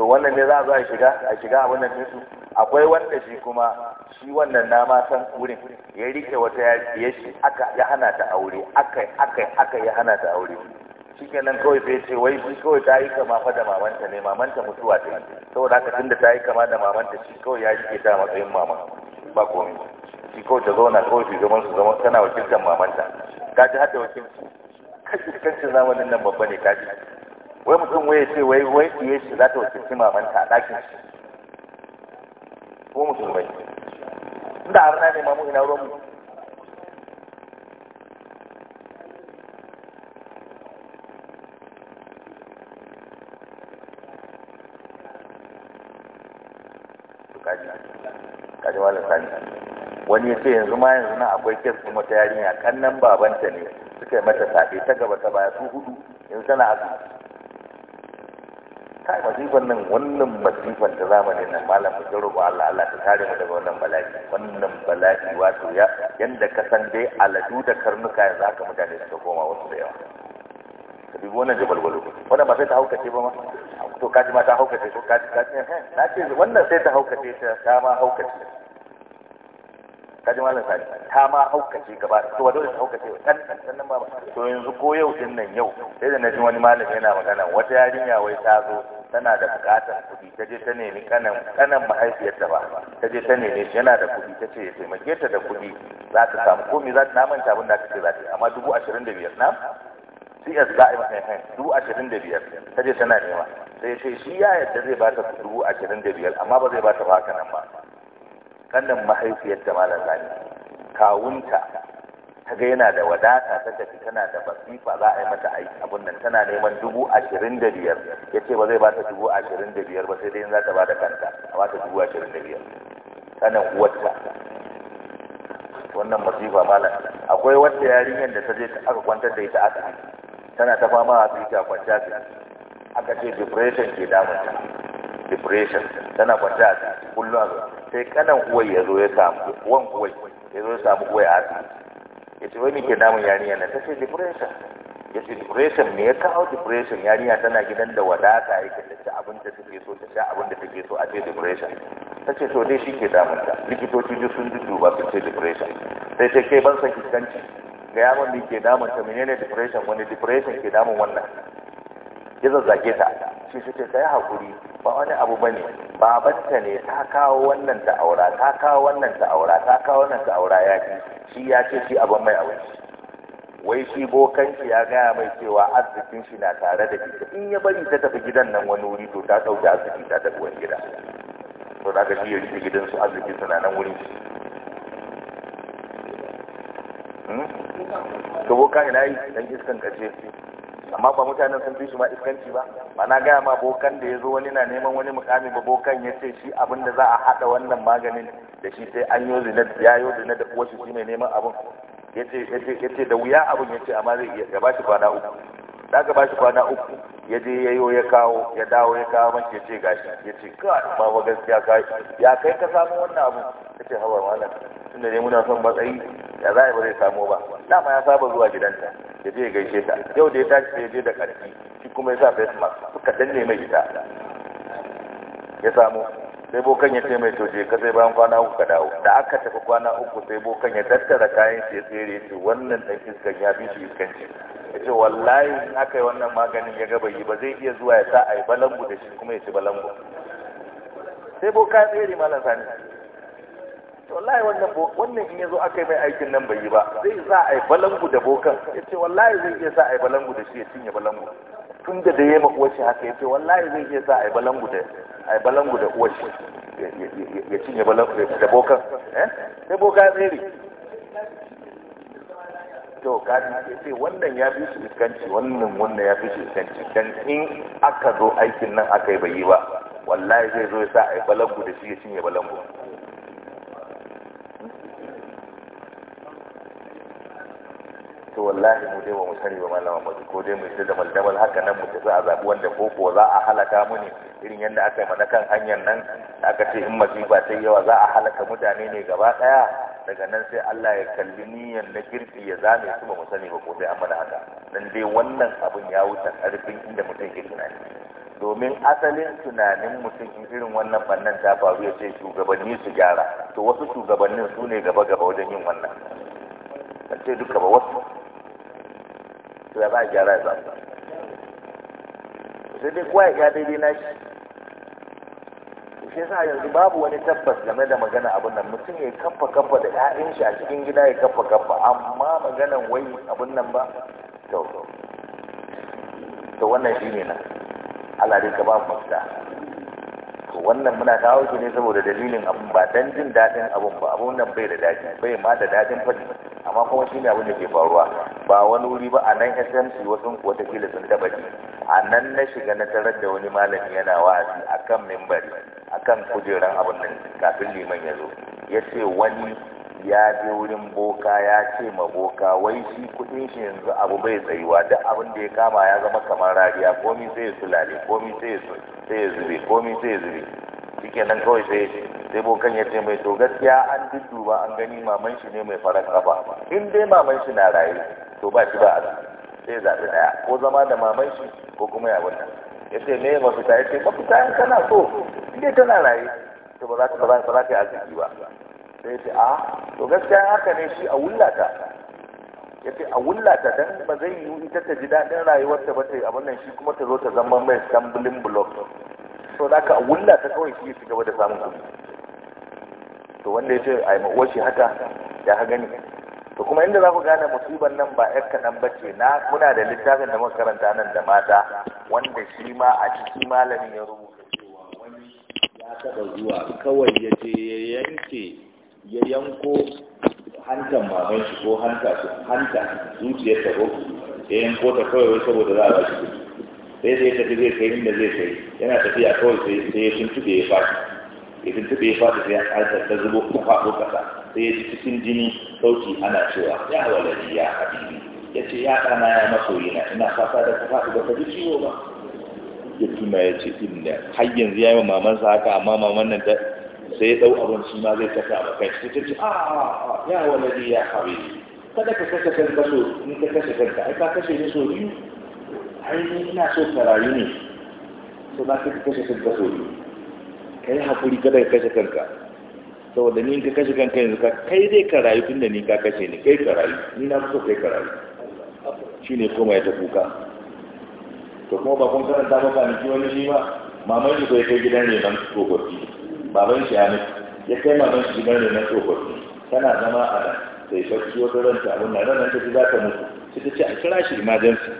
to wannan ne za a zo a shiga a shiga a wannan tinsu akwai wanda shi kuma shi wannan na ma san wurin ya rike wata ya shi aka ya hana ta aure aka aka aka ya hana ta aure nan kawai sai ce wai shi kawai ta yi kama fa da mamanta ne mamanta mutuwa ce saboda haka tunda ta yi kama da mamanta shi kawai ya shige ta matsayin mama ba komai shi kawai ta zauna kawai su zaman su zaman tana wakiltar mamanta ka ji hada wakilci kashi kashi zamanin nan babba ne kashi wai mutum wai ce wai wai diye shi za ta wakilci mamanta a ɗakin shi ko musulmai inda har na ne mamu ina ruwan mu kaji kaji sani wani ya ce yanzu ma yanzu na akwai kes kuma ta yarinya kannan babanta ne suka yi mata sabe ta gaba ta baya su hudu yanzu tana asibiti kai masifan nan wannan masifan ta zamani nan malam mu ji roƙo Allah Allah ta kare mu daga wannan bala'i wannan bala'i wato ya yanda ka san dai aladu da karnuka yanzu haka mutane suka koma wasu da yawa ka dubi wannan jabal gwalo wannan ba sai ta haukace ba ma to kaji ma ta haukace to kaji kaji eh, eh. na ce wannan sai ta haukace ta ma haukace kaji ma sani ta ma haukace gaba to ba dole ta haukace ba dan dan dan ba to yanzu ko yau din nan yau sai da naji wani malami yana magana wata yarinya wai ta zo tana da bukatar kuɗi ta je ta nemi kanan kanan mahaifiyarta ba ta je ta nemi yana da kuɗi ta ce ya taimake ta da kuɗi za ta samu komai za ta manta abin da aka ce za ta amma dubu ashirin da biyar na cs za a yi dubu ashirin da biyar ta je tana nema sai ce shi ya yadda zai ba ta dubu ashirin da biyar amma ba zai ba ta ba haka nan ba kannan mahaifiyar da malam zani kawunta ta ga yana da wadata ta tafi tana da basifa za a yi mata aiki abun nan tana neman dubu ashirin da biyar ya ce ba zai ba ta dubu ashirin da biyar ba sai dai za ta ba da kanta a ba ta dubu ashirin da biyar kanan uwarta wannan masifa malam akwai wata yarinyar da ta je aka kwantar da ita aka tana ta fama a asibiti a kwanci asibiti aka ce depression ke damun ta depression tana a asibiti kullum a sai kanan uwai ya zo ya samu uwan uwai ya zo ya samu uwai a asibiti ya ce wani ke damun yarinya na ta ce depression ya ce depression me ya kawo depression yarinya tana gidan da wadata ke ta ci abin da take so ta sha abin da take so a ce depression ta ce so dai shi ke damunta likitoci duk sun duduba su ce depression sai ce kai ban san kiskanci ga min me ke damun ta menene depression wani depression ke damun wannan ya zazzage ta shi suke ta yi hakuri ba wani abu ba ne. babatta ne ta kawo wannan ta aura ta kawo wannan ta aura ta kawo wannan ta aura ya ce shi ya ce shi abin mai abinci wai shi bokanci ya gaya mai cewa arzikin shi na tare da ita in ya bari ta tafi gidan nan wani wuri to ta ɗauki arziki ta tafi wani gida to da ka shi ya gidan su arziki suna nan wurin shi to boka ina yi dan iskan kace amma ba mutanen sun fi shi ma iskanci ba na gaya ma bokan da ya zo wani na neman wani mukami ba bokan ya ce shi abin da za a haɗa wannan maganin da shi sai an yi zina ya yi zina da uwar shi mai neman abin ya ce da wuya abin ya ce amma zai iya gaba shi kwana uku da aka bashi kwana uku ya je yo ya kawo ya dawo ya kawo mace ya ce gashi ya ce ka ba ba gaskiya ka ya kai ka samu wannan abu ya ce hawa malam tunda dai muna son matsayi ya za ba zai samu ba dama ya saba zuwa gidanta ya je ya gaishe ta yau da ya tashi sai ya je da karfi shi kuma ya sa face mask suka danne mai ita ya samu sai bokan ya ce mai to je ka sai bayan kwana uku ka dawo da aka tafi kwana uku sai bokan ya tattara kayan shi ya tsere ce wannan dan iskan ya fi shi ce ya ce wallahi in aka yi wannan maganin ya gaba yi ba zai iya zuwa ya sa a yi balangu da shi kuma ya ci balangu sai bo ka tsere malam sani wallahi wannan wannan in ya zo aka yi mai aikin nan bai yi ba zai sa a yi balangu da bokan ya ce wallahi zai iya sa a yi balangu da shi ya cinye balangu tun da da ya ma uwashi haka ya ce wallahi zai iya sa a yi balangu da a yi balangu da uwashi ya cinye balangu da bokan eh? sai bo ka tsere to gadi sai wannan ya fi su iskanci wannan wannan ya fi su iskanci dan in aka zo aikin nan aka yi bai ba wallahi zai zo ya sa a yi balangu da shi ya cinye balangu to wallahi mu dai ba mu sani ba malama mu ko dai mu da maldamal haka nan mu tafi a zabi wanda ko ko za a halaka mu ne irin yadda aka yi mana kan hanyar nan aka ce in masifa ta yawa za a halaka mutane ne gaba ɗaya. daga nan sai Allah ya kalli niyyar na girki ya zame su ba mu sani ba ko sai an bada haka dan dai wannan abin ya wuce karfin inda mutum ke tunani domin asalin tunanin mutum in irin wannan bannan ta faru ya ce shugabanni su gyara to wasu shugabannin su ne gaba gaba wajen yin wannan ban ce duka ba wasu to ya ba gyara ya zama sai dai kowa ya daidai na shi shi yasa yanzu babu wani tabbas game da magana abin nan mutum ya kafa kafa da ƴaƴan shi a cikin gida ya kafa kafa amma maganan wai abin nan ba to to wannan shine nan Allah dai ka ba mu to wannan muna kawo shi ne saboda dalilin abin ba dan jin daɗin abin ba abin nan bai da daɗi bai ma da daɗin faɗi amma kuma shi ne abin da ke faruwa ba wani wuri ba a nan SMC wasu kuwa kila sun taɓa ji a nan na shiga na tarar da wani malami yana wa'azi a kan membari akan kujeran abin nan kafin liman ya zo ya ce wani ya je wurin boka ya ce ma boka wai shi kudin shi yanzu abu bai tsayuwa duk abin da ya kama ya zama kamar rariya komi sai ya sulale komi sai ya zube komi sai ya zube shike nan kawai sai sai bokan ya ce mai to gaskiya an dudduba an gani maman shi ne mai farar kafa in dai maman shi na raye to ba shi ba a sai zaɓi daya ko zama da maman shi ko kuma ya wannan ya ce me mafita ya ce mafita in na so in na raye to ba za ta ba za ta yi arziki ba sai ya ce a to gaskiya haka ne shi a wullata ya ce a wullata dan ba zai yi ita ta ji daɗin rayuwarta ba ta yi abin nan shi kuma ta zo ta zama mai stumbling block To da ka a wullata kawai shi ya ci gaba da samun kuɗi to wanda ya ce a yi ma'uwar shi haka ya ha gani to kuma inda za ku gane musibar nan ba yar kaɗan ba ce na muna da littafin da makaranta nan da mata wanda shi ma a ciki malamin ya rubuta cewa wani ya taɓa zuwa kawai ya je ya yanke ya yanko hantar maman shi ko hanta hanta zuciyar ta ko ya yanko ta kawai wai saboda za a ba shi sai sai tafi zai kai inda zai kai yana tafiya kawai sai ya tuntuɓe ya faɗi ya tuntuɓe ya faɗi sai harkar ta zubo ta faɗo ƙasa sai ya ji cikin jini sauti ana cewa ya walari ya habibi ya ce ya ɗana ya masoyi na ina fata da ka faɗi ba ka ji ciwo ba ya tuna ya ce inda har yanzu ya yi mamansa haka amma maman nan ta sai ya ɗau abin shi ma zai kasa a kai sai ce a ah, ya walari ya habibi kada ka kashe kan so in ka kashe kanka ai ka kashe ne so biyu ai ni ina so ka rayu ne so za ka kashe kan so biyu ka yi haƙuri kada ka kashe kanka saboda ni ka kashe kanka yanzu ka kai dai ka rayu tun da ni ka kashe ni kai ka rayu ni na so kai ka rayu shi ne koma ya ta kuka to kuma ba kun karanta ba kwanaki wani shi ba maman shi ya kai gidan renon tsofaffi baban shi ya mutu ya kai maman shi gidan renon tsofaffi tana zama a nan sai shakki wata ta abin nan ta ta za ta mutu sai ta ce a kira shi imajensi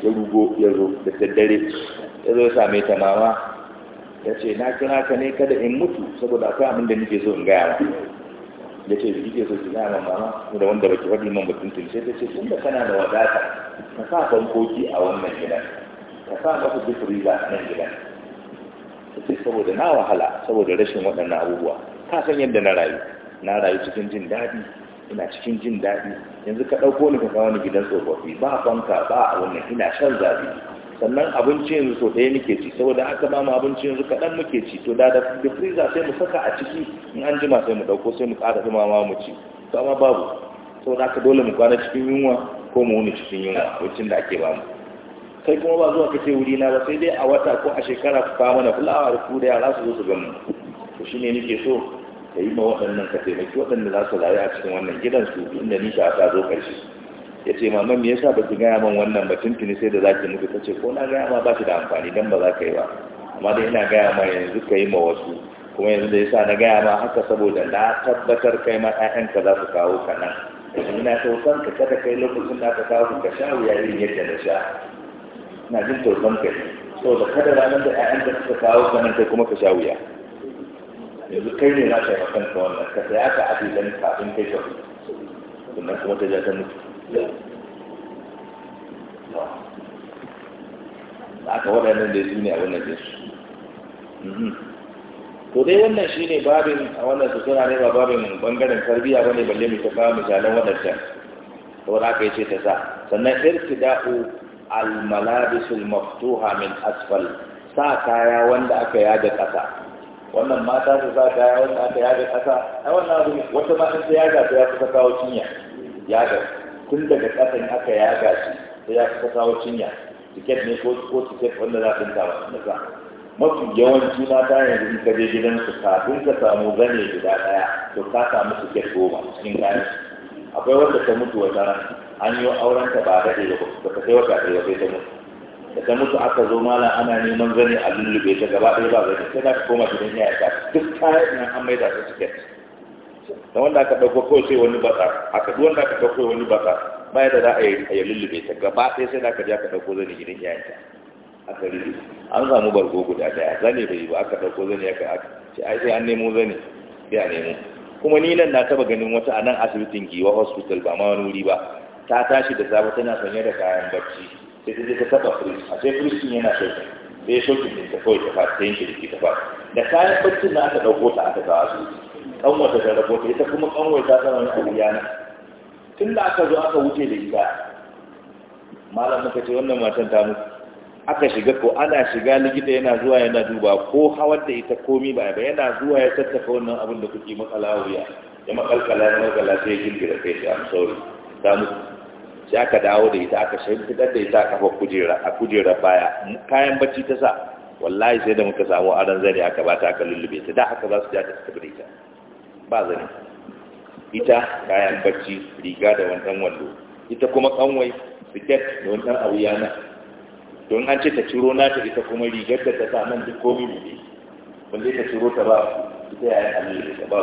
ya rugo ya zo da daddare ya zo ya same ta mama ya ce na kira ka ne kada in mutu saboda akwai abin da nake so in gaya ba ya ce da kike so ki gaya ma da wanda baki faɗi man batun tun sai ta ce tun da kana da wadata ka sa bankoki a wannan gidan ka sa masu riba a nan gidan ta ce saboda na wahala saboda rashin waɗannan abubuwa ka san yadda na rayu na rayu cikin jin daɗi ina cikin jin daɗi yanzu ka ɗauko ni ka kawo ni gidan tsofaffi ba fanka ba a wannan ina shan zabi sannan abinci yanzu so ɗaya muke ci saboda aka ba mu abinci yanzu kaɗan muke ci to da da freezer sai mu saka a ciki in an jima sai mu ɗauko sai mu ƙara dumama mu ci to amma babu saboda aka dole mu kwana cikin yunwa ko mu wuni cikin yunwa abincin da ake bamu kai kuma ba zuwa kace wuri na ba sai dai a wata ko a shekara ku kawo mana fulawa da ku da yara su zo su gamu to shine nake so ka yi ma waɗannan ka taimaki waɗanda za su rayu a cikin wannan gidan su inda nisha ta zo ƙarshe ya ce maman me yasa ba ki gaya min wannan ba tuntuni sai da za ki mutu ta ce ko na gaya ma ba shi da amfani dan ba za ka yi ba amma dai ina gaya ma yanzu ka yi ma wasu kuma yanzu da yasa na gaya ma haka saboda na tabbatar kai ma ka za su kawo ka nan ina tausan ka kada kai lokacin da aka kawo ka sha wuya irin yadda na sha ina jin tausan ne saboda kada ranar da ka suka kawo ka nan kai kuma ka sha wuya yanzu kai ne za ka yi ma kanka wannan ka saya ka ajiye kafin kai ka sannan kuma ta ja ta mutu aka waɗannan da su ne a wannan jinsu to dai wannan shi ne babin a wannan suna ne ba babin bangaren tarbiyya ba ne balle mu ta kawo misalan ko da aka yi ce ta sa sannan irtida'u da'u malabisul maftuha min asfal sa kaya wanda aka yaga ƙasa wannan mata su sa kaya wanda aka yaga ƙasa a wannan abu wata ma in ta yaga ta ya kusa kawo cinya yaga tun daga ƙasan aka ya shi sai ya kusa kawo cinya tiket ne ko ko tiket wanda za ka ta wasu nasa mafi yawanci na ta yanzu in ka je gidansu kafin ka samu zane guda daya to ka samu tiket goma cikin kayan akwai wanda ta mutu wata ran an yi auren ta ba daɗe ba ba ta kai wata ɗaya sai ta mutu da ta mutu aka zo mala ana neman zane a lullube ta gaba ɗaya ba zane ta na koma gidan yaya ta duk kayan nan an da ta tiket da wanda aka ɗauko kawai sai wani batsa aka duk wanda aka ɗauko wani batsa baya da za a yi a yi lullube ta gaba ɗaya sai da aka je aka ɗauko zani gidan iyayenta aka rufe an samu bargo guda daya zane bai yi ba aka ɗauko zani aka aka ce ai sai an nemo zani sai a nemo kuma ni nan na taba ganin wata a nan asibitin giwa hospital ba ma wani wuri ba ta tashi da safe tana sanye da kayan barci sai ta je ta taba firist a sai firist yana sauki sai ya sauki ta kawai ta fata ta yanke da ke ta fata da kayan barci na aka ɗauko ta aka kawo asibiti kanwata da rabota ita kuma kanwata ta wani a tun da aka zo aka wuce da ita malam muka ce wannan matan ta mutu aka shiga ko ana shiga likita yana zuwa yana duba ko hawar da ita komi ba ba yana zuwa ya tattafa wannan abin da kuke makala wuya ya makalkala ya sai ya girgira kai shi am sauri ta mutu sai aka dawo da ita aka fitar da ita a kafa kujera a kujera baya kayan bacci ta sa wallahi sai da muka samu aron zane aka ba ta, aka lullube ta da haka za su ja ta tafi ba zane ita kayan bacci riga da wani wando ita kuma kanwai siket da wani ɗan abu yana don an ce ta ciro nata ita kuma rigar da ta sa duk komi ne wanda ita ciro ta ba ita yayin amiri ta ba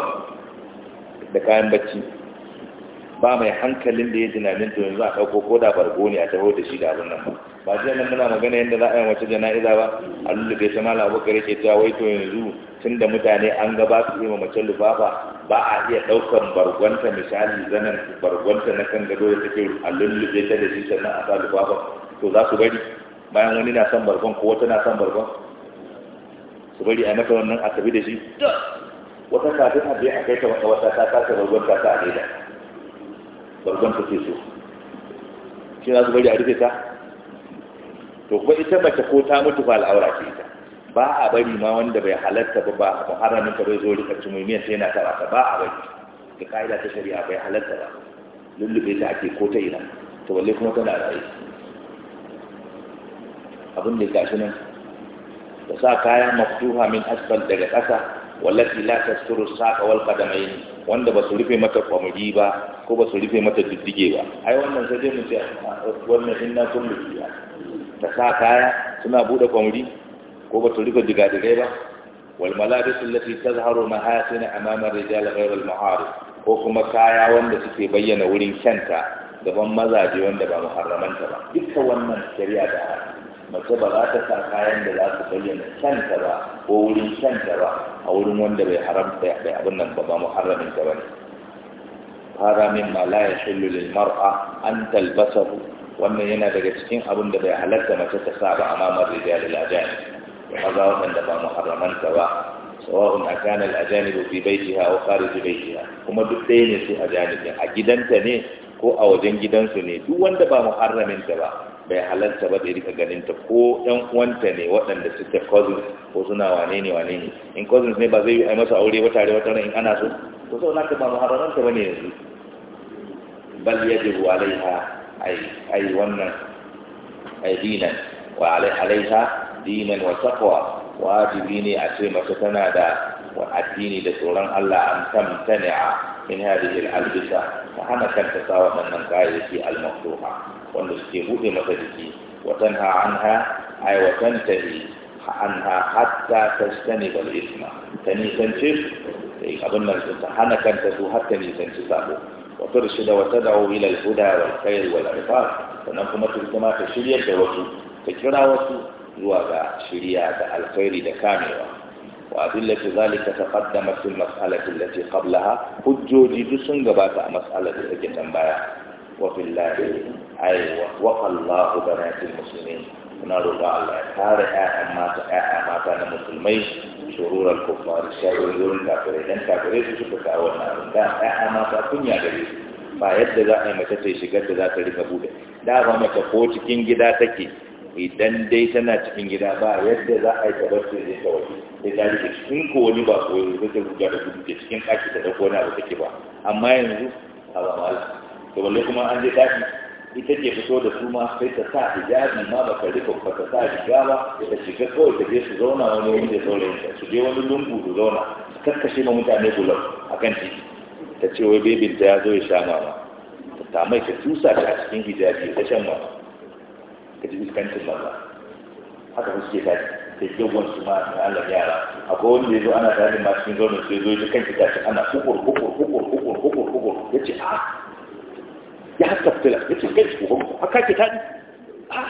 da kayan bacci ba mai hankalin da ya min to yanzu a ɗauko ko da bargo ne a taho da shi da abin nan ba ba ce nan muna magana yadda za a yi wace jana'iza ba a lullube ta mala abokar ke cewa wai to yanzu tun da mutane an ga ba su yi mace lufafa ba a iya ɗaukan bargwanta misali zanen bargwanta na kan gado da take a lullube ta da shi sannan a sa lufafa to za su bari bayan wani na son bargwan ko wata na son bargwan su bari a mata wannan a tafi da shi wata kafin a biya a kai ta wata wata ta kasa bargwan ta sa a daida bargwan ta ke so shi za su bari a rufe ta to kuma ita mace ko ta mutu fa al'aura ce ita ba a bari ma wanda bai halatta ba ba haramin ka bai zo rika cimimiyar sai yana tara ta ba a bari da ka'ida ta shari'a bai halatta ba lullube ta ake ko ta ina to balle kuma tana raye abin da gashi nan da sa kaya maftuha min asfal daga ƙasa wallafi la tasturu saqa wal qadamayn wanda ba su rufe mata kwamuri ba ko ba su rufe mata diddige ba ai wannan sai dai mu ce ah, wannan inna kullu ta sa kaya suna bude kwamuri ko ba ta rika digadigai ba wal malabisu allati tazharu mahasin amama rijal ghayr al-muharib ko kuma kaya wanda suke bayyana wurin kyanta gaban mazaje wanda ba muharramanta ba dukkan wannan shari'a da mace ba za ta sa kayan da za su bayyana kyanta ba ko wurin kyanta ba a wurin wanda bai haramta bai abin nan ba ba muharramin ta bane hada mimma la yashillu lil mar'a an talbasahu wannan yana daga cikin abin da bai halatta mace ta sa ba amama rijal al-ajani kaga waɗanda ba muharramanta ba A akana al-ajanibu fi baitiha aw kharij baitiha kuma duk ɗaya ne su ajani ne. a gidanta ne ko a wajen gidansu ne duk wanda ba muharraminta ba bai halarta ba bai rika ganin ta ko ɗan uwanta ne waɗanda suke cousins ko suna wane ne wane ne in cousins ne ba zai yi a masa aure ba tare wata in ana so to sau naka ba mu muharramanta ba ne yanzu bal yajibu alaiha ai wannan ai dinan wa alaiha dinan wa taqwa wajibi ne a ce mace tana da addini da tsoron Allah an tamtani'a min hadhihi al-albisa ta hana kanta sa waɗannan kayayyaki al-maftuha wanda suke buɗe mata jiki wa tanha anha ay wa tantahi anha hatta tajtaniba al-ithma ta nisance sai abin nan ta hana kanta su har ni nisanci sabo wa turshida wa tad'u ila al-huda wal khair wal ifaq sannan kuma ta kuma ta shiryar da wasu ta kira wasu zuwa ga shirya da alkhairi da kamewa wa adillatu zalika taqaddamat fil mas'alati allati qablaha hujjoji duk sun gabata a mas'alar da take tambaya wa billahi ay wa wallahu banatil muslimin muna roƙa Allah ya kare ƴaƴan mata ƴaƴa mata na musulmai shurur al-kuffar sharrin wurin kafirai dan kafirai su suka kawo wannan abin da ƴaƴa mata kunya gare su ba yadda za a yi mace ta shigar da za ta rika bude da ba mace ko cikin gida take idan dai tana cikin gida ba yadda za a yi tabbata da ta waje sai ta rike cikin ko wani ba ko wani zai ruga da cikin ɗaki da ɗauko wani abu take ba amma yanzu a ba mala to balle kuma an je ɗaki ita ke fito da su ma sai ta sa hijabi ma ba ka rika ba ta sa riga ba ta shiga kawai ta je su zauna wani wani da saurayin ta su je wani lungu su zauna su kakkashe ma mutane gulau a kan titi ta ce wai bebinta ya zo ya sha mama ta mai ta tusa ta a cikin hijabi ta shan mama ka ji fuskancin banza haka su ke tashi da yawan su ma da Allah yara akwai wanda ya zo ana tare ma cikin zaunin sai zo ya kan ki tashi ana kukur kukur kukur kukur kukur kukur ya ce ah ya haska fitila ya ce kai su hukum haka ke tashi ah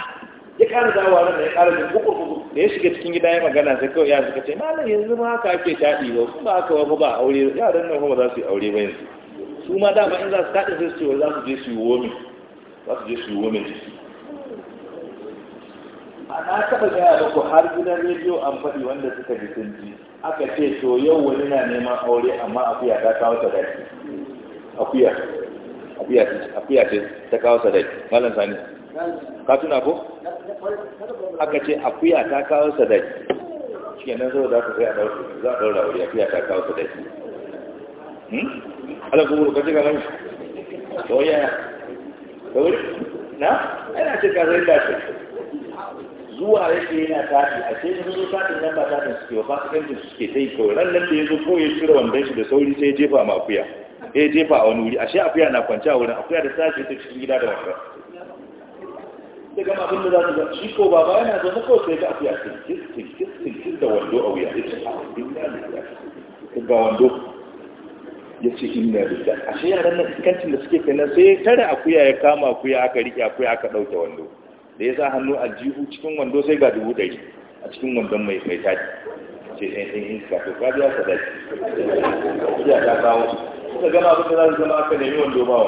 ya kara dawa nan ya kara da kukur kukur da ya shiga cikin gida ya magana sai kawai ya suka ce malam yanzu ma haka ake tashi ba su ba haka ba ba aure yaran nan kuma za su yi aure ba yanzu su ma dama in za su tashi sai su ce za su je su yi womin za su je su yi womin jiki na taba gaya da ku har gidan rediyo an faɗi wanda suka ji sun ji aka ce to yau wani na neman aure amma akuya ta kawo sadaki akuya akuya akuya ce ta kawo sadaki malam sani ka tuna ko aka ce akuya ta kawo sadaki shikenan zo da ka kai a dauke za a daura aure akuya ta kawo sadaki hmm ala ku ka ji ga mai to ya ka wuri na ina ce ka zai da shi zuwa yake yana tafi a ce sun zo tafi nan ba tafin suke ba fasikancin suke ta yi kawai ran nan da ya zo ko ya cire wandon shi da sauri sai ya jefa ma akuya ya jefa a wani wuri ashe akuya na kwanciya wurin akuya da sashi ta cikin gida da wanda da gama abin da za su ga. shi ko baba yana zo na kawai sai ga akuya tinkis tinkis tinkis da wando a wuya ya ce a inda da wando ya ce inda da ashe yaran nan iskancin da suke kai nan sai tare akuya ya kama akuya aka rike akuya aka ɗauke wando da ya sa hannu a jihu cikin wando sai ga dubu ɗari a cikin wandon mai mai taji ce ɗan ɗan iska to ka ta ka ya ta kawo suka gama abin da za su zama aka nemi wando ba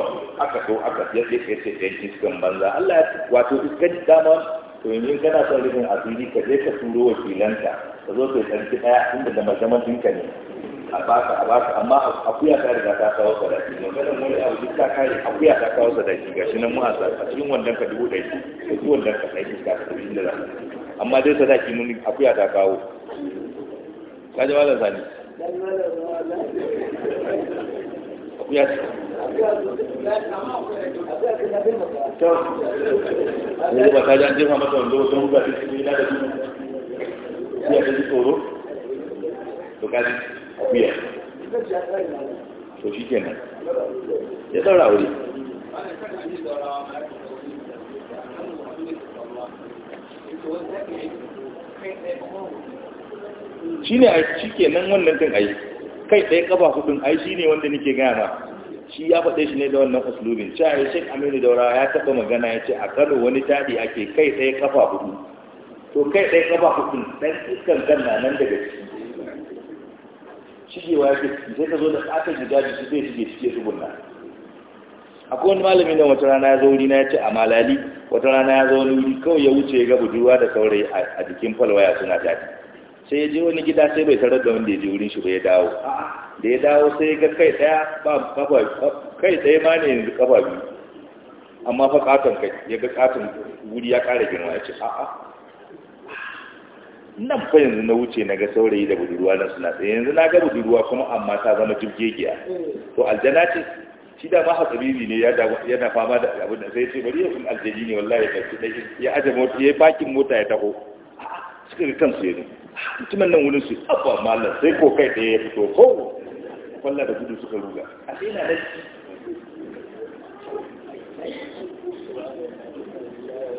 aka so aka ya ce ya ce ɗan cikin banza Allah ya wato ji dama to yanzu kana son rufin asiri ka je ka turo wakilanta ka zo ka yi ɗan ɗaya inda da mace ne a baka a baka amma akuya ta riga ta kawo sadaki maganar wani abu duk ta kare akuya ta kawo sadaki ga shi nan muhasa a cikin wannan ka dubu ɗari da cikin wannan ka sai ka ka tafi inda za amma dai ki mun akuya ta kawo ka ji malam sani akuya ta yanzu ba ta ji an jefa masa wanda wata hukar cikin yana da su ya ta ji tsoro to kaji akuya to shi kenan ya daura wuri shi ne a shi nan wannan kan ai kai ɗaya ƙafa hudun ai shi ne wanda nake gaya ma shi ya faɗe shi ne da wannan uslubin cewa ya shek aminu daura ya taɓa magana ya ce a kano wani taɗi ake kai ɗaya ƙafa hudu to kai ɗaya ƙafa hudu ɗan iskan kan na nan daga ciki Cikewa ya fi sai ka zo da da shiga su zai shige shige su gunna akwai wani malami da wata rana ya zo wuri na ya ce a malali wata rana ya zo wani wuri kawai ya wuce ya ga budurwa da saurayi a jikin falwaya suna tafi sai ya je wani gida sai bai tarar da wanda ya je wurin shi ba ya dawo da ya dawo sai ya ga kai ɗaya ba kafa kai ɗaya ma ne yanzu kafa biyu amma fa katon kai ya ga katon wuri ya ƙara girma ya ce a'a nan fa yanzu na wuce na ga saurayi da budurwa nan suna tsaye yanzu na ga budurwa kuma amma ta zama jirgegiya to aljana ce shi da ma hatsabiri ne yana fama da abin da sai ce bari ya kun aljani ne wallahi ya ce dai ya aje mota ya bakin mota ya taho suka ga kansu yanzu mutumin nan wurin su abba mallam sai ko kai da ya fito ko kwalla da gudu suka ruga a sai na da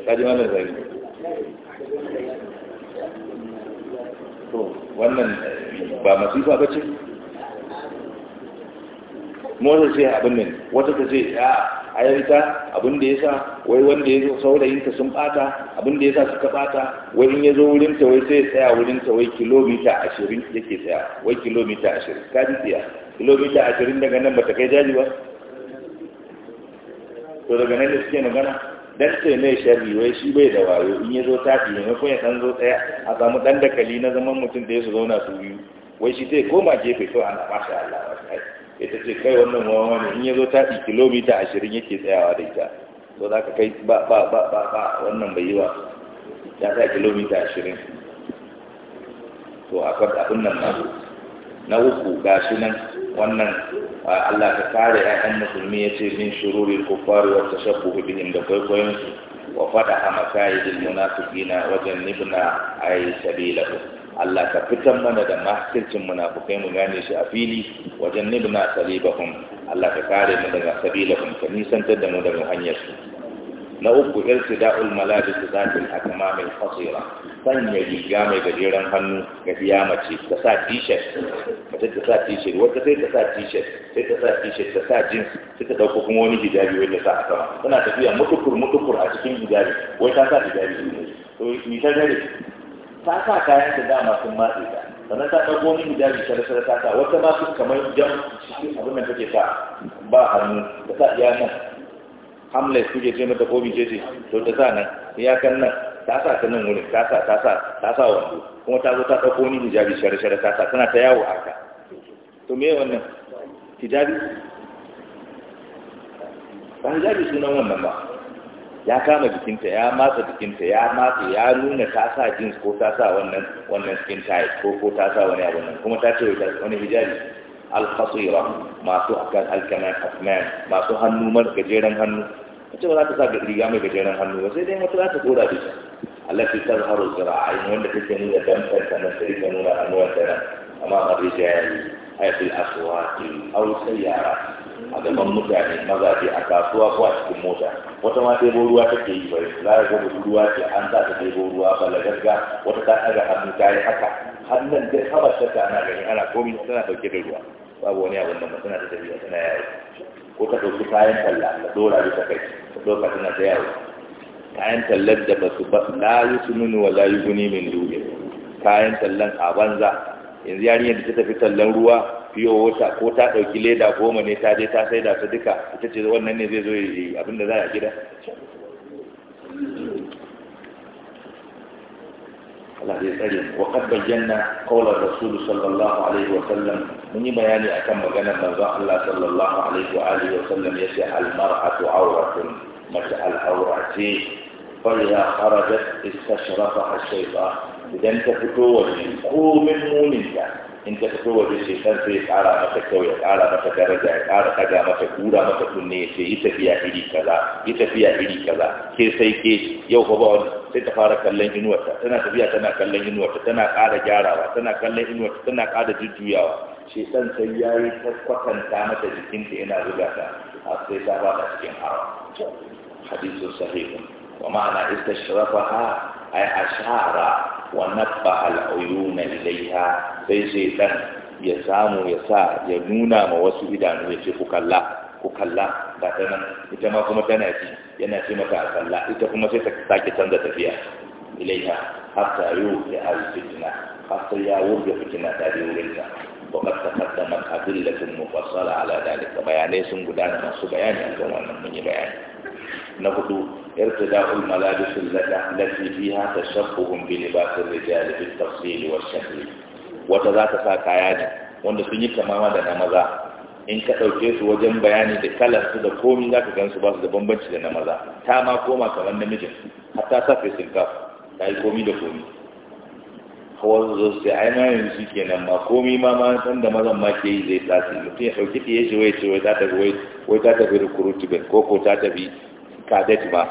kaji mallam zai to wannan eh, ba masifa ba ce motar ce abin nan wata ta ce a ah, ayarta abin da ya sa wai wanda ya zo saurayinta sun bata abin da ya sa suka bata wai in ya zo wurinta wai sai ya tsaya wurinta wai kilomita ashirin yake tsaya wai kilomita ashirin ka ji tsaya kilomita ashirin daga nan ba ta kai jaji ba to daga nan da suke magana dan ce mai sharri wai shi bai da wayo in ya zo tafi maimakon ya san zo tsaya a samu dan dakali na zaman mutum da ya su zauna su biyu wai shi zai koma gefe to ana masha Allah masha ita ce kai wannan wawa ne in ya zo tafi kilomita ashirin yake tsayawa da ita to za ka kai ba ba ba ba ba wannan bai yi wa ya sa kilomita ashirin to akwai abin nan na na uku gashi nan wannan Allah ka kare ƴaƴan musulmi ce min shururi kuffar wa tashabbuh bihim da kwaikwayon su wa fadaha makayidil munafiqina wajen jannibna ay sabilahu Allah ka fitar mana da makircin munafukai mu gane shi a fili wajen jannibna salibahum Allah ka kare mu daga sabilahum ka nisantar da mu daga hanyar su na uku su zafi zatil akmam mai fasira sanya riga mai gajeren hannu ga mace ta sa t-shirt mace ta sa t-shirt wata sai ta sa t-shirt sai ta sa t-shirt ta sa jeans sai ta dauko kuma wani hijabi wanda sa a sama tana tafiya mutukur mutukur a cikin hijabi wai ta sa hijabi ne to ni ta gare ta sa kayan da dama sun matse ta sannan ta ɗauko wani hijabi ta shara ta sa wata ma su kamar jam abin da take sa ba hannu ta sa iya nan hamlet suke ce mata ko bice ce to ta sa nan ya kan nan ta sa ta nan wurin ta sa ta sa wando kuma ta zo ta ɗauko ni hijabi shara shara ta sa tana ta yawo a haka to me wannan hijabi ba hijabi sunan wannan ba ya kama jikinta ya matsa jikinta ya matsa ya nuna ta sa jeans ko ta sa wannan wannan skin tight ko ko ta sa wani abu nan kuma ta ce wani hijabi alhasira masu akan alkanan asman masu hannu mar gajeren hannu wacce ba za ta sa riga mai gajeren hannu ba sai dai wata za ta kora da shi allafi tazharu zira'ain wanda take nuna damfar ta nan take nuna hannuwan ta nan amma a rijali ay fil aswaqi aw sayyara a gaban mutane mazaje a kasuwa ko a cikin mota wata ma ɗebo ruwa take yi bai za ka ga ruwa ce an za ta ɗebo ruwa ba lagarga wata ta ɗaga hannu ta yi haka hannun dai haɓar ta ana gani ana komi tana ɗauke da ruwa babu wani abin da ba suna da tafiya suna yawo ko ka ɗauki kayan talla ka ɗora bisa kai ka ɗauka suna ta yawo kayan tallar da ba su ba la yi sununu wa la yi guni min dubi kayan tallan a banza yanzu yari yadda ta tafi tallan ruwa fiye wata ko ta ɗauki leda goma ne ta je ta sai da su duka ita ce wannan ne zai zo abin da za a gida Allah zai tsare wa bayyana qaular rasul sallallahu alaihi wa sallam mun yi bayani akan maganar manzon Allah sallallahu alaihi wa alihi wa sallam yace al mar'atu awratun mace al awrati fa idza kharajat istashrafaha shaytan idan ta fito waje komin muninta in ta fito waje shaytan sai ya kara mata kyau ya kara mata daraja ya kara daga mata kura mata kunne ya ce yi tafiya iri kaza yi tafiya iri kaza ke sai ke yau fa ba sai ta fara kallon inuwarta tana tafiya tana kallon inuwarta tana ƙara gyarawa tana kallon inuwarta tana ƙara jujjuyawa shekan sai ya yi kwatanta mata jikinta yana zuga ta a sai ta fada cikin haram hadisun sahihu wa ma'ana istashrafa ha ay ashara wa nabba al uyuna ilaiha sai sai dan ya samu ya sa ya nuna ma wasu idanu ya ce ku kalla ku kalla ga ta nan ita ma kuma tana ji yana ce maka a sallah ita kuma sai ta sake canza tafiya ilaiha hatta yau ya hari fitina hatta ya wuce fitina ta je wurinta wa qad taqaddamat adillatun mufassala ala dalika bayanai sun gudana masu bayani akan wannan mun yi bayani na hudu irtida'ul malabis allati fiha tashabbuhun bi libasir rijal fi at wa ash wata za ta sa kaya ne wanda sun yi kamama da na maza in ka ɗauke su wajen bayani da kalar su da komi za ka gan su ba su da bambanci da na maza ta ma koma kamar namijin har ta sa fesin ta yi komi da komi hawa zo su ai ma yanzu ke nan ma komi ma ma san da mazan ma ke yi zai tsasi mutum ya ɗauki ɗiye shi wai ce wai ta tafi wai wai ta tafi ko ko ta tafi kadet ma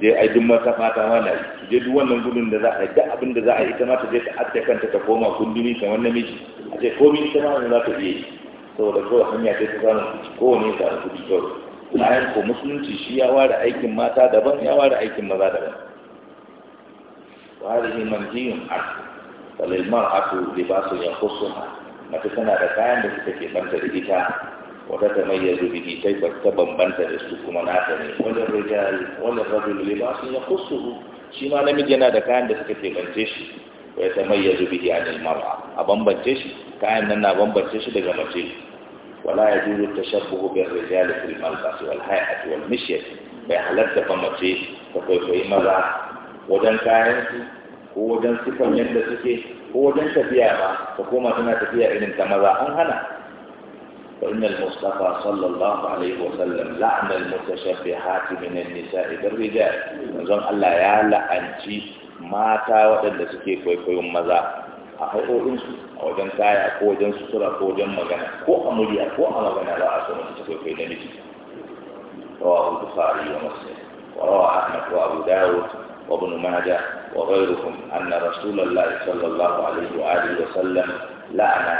je ai duk mata fata ma na je duk wannan gudun da za a yi abin da za a yi ita ma ta je ta kanta ta koma gundumi kamar namiji a ce komi ita ma za ta iya yi saboda kawai hanya ce ta samun kuɗi kowane ya samu kyau. kawai bayan ko musulunci shi ya ware aikin mata daban ya ware aikin maza daban wari ne manjiyun aku falimar aku da ba su yanko Na mace tana da kayan da suka ke banta da ita wata ta mai yanzu biki sai ba ta bambanta da su kuma nata ne wani rijali wani rajul da ba su yanko su shi ma namiji yana da kayan da suka ke bance shi wai ta mai yanzu biki a mara a bambance shi kayan nan na bambance shi daga mace wala ya juru tashabbuhu bil rijal fil malbas wal hay'at wal mishyat bai halatta ba mace ta kwaikwayi maza wajen kayan su ko wajen sifan yadda suke ko wajen tafiya ba ta koma tana tafiya irin ta maza an hana fa innal mustafa sallallahu alaihi wa sallam la'ana al mutashabbihat min an nisa'i bil rijal manzon Allah ya la'anci mata waɗanda suke kwaikwayon maza a haƙoƙinsu a wajen kaya ko wajen sutura ko wajen magana ko a murya ko a magana za a so mutum ta kwaikwai da miji rawa al-bukhari wa muslim wa rawa ahmad wa abu dawud wa ibn majah wa ghayruhum anna rasulullah sallallahu alaihi wa alihi wa sallam la'ana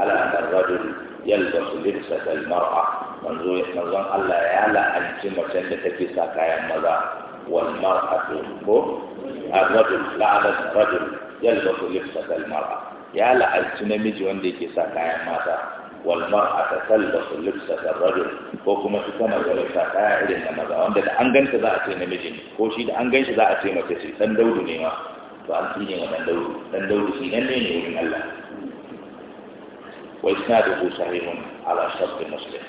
ala anna ar-rajul yalbasu libsata al-mar'a manzo manzon Allah ya la'anci macen da take sa kayan maza wal mar'atu ko ar-rajul la'ana ar-rajul yalbasu libsata almar'a ya la'alci namiji wanda yake sa kayan mata walmar a ta tallafa lipsa da rajul ko kuma su tana sa kaya irin na maza wanda da an ganta za a ce namiji ne ko shi da an ganshi za a ce mace ce dan daudu ne ma to an tsine wa dan daudu dan daudu shi nan ne ne wurin Allah wa isnaduhu sahihun ala shart muslim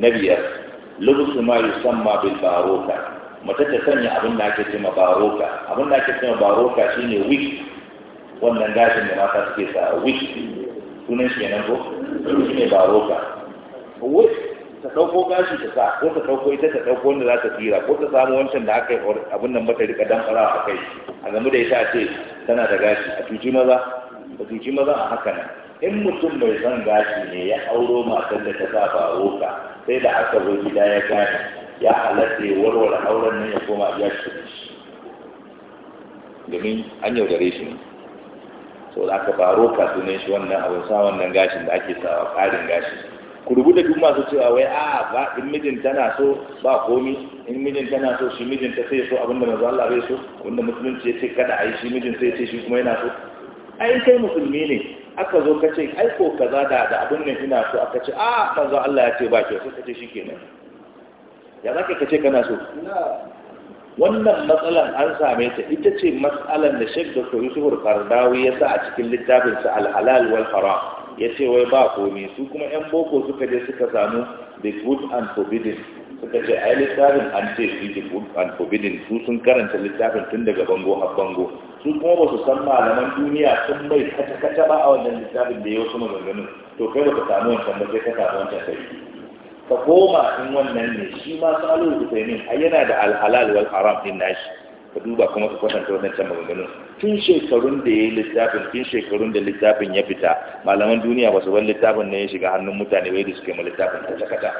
nabiyar lubsu ma yusamma bil baruka mace ta sanya abin da ake cewa baroka abin da ake cewa baroka shine wig wannan gashin da mata suke sa wig sunan shi kenan ko shine baroka wig ta dauko gashi ta sa ko ta dauko ita ta dauko wanda za ta tsira ko ta samu wancan da aka yi abin nan mata rika dan fara a kai a game da ita ce tana da gashi a cuci maza a cuci maza a haka nan in mutum bai san gashi ne ya auro matar da ta sa baroka sai da aka zo gida ya gane ya halatta ya warware auren nan ya koma ya shi domin an yaudare shi ne so da aka faro ka sunan shi wannan abin sa wannan gashin da ake sawa ƙarin gashi ku rubuta duk masu cewa wai a ba in mijin tana so ba komi in mijin tana so shi mijin ta sai so abinda manzo Allah bai so wanda musulunci ya ce kada a yi shi mijin sai ce shi kuma yana so ai kai musulmi ne aka zo ka ce ai ko kaza da da abin nan ina so aka ce a manzo Allah ya ce ba ke so ka ce kenan ya za ka ce kana so wannan matsalan an same ta ita ce matsalan da shek da Yusuf suhur kardawi ya sa a cikin littafin littafinsa alhalal wal haram ya ce wai ba komi su kuma yan boko suka je suka samu the good and forbidden suka ce ai littafin an ce the good and forbidden su sun karanta littafin tun daga bango har bango su kuma ba su san malaman duniya sun bai kata kata ba a wannan littafin da ya wasu maganganu. to kai ba ka samu wancan ba sai ka samu wancan sai ka koma in wannan ne shi ma salo da kai min ai yana da alhalal wal haram din nashi ka duba kuma ka kwatanta can maganganun tun shekarun da ya yi littafin tun shekarun da littafin ya fita malaman duniya ba su ban littafin ne ya shiga hannun mutane wai da suke ma littafin ta cakata.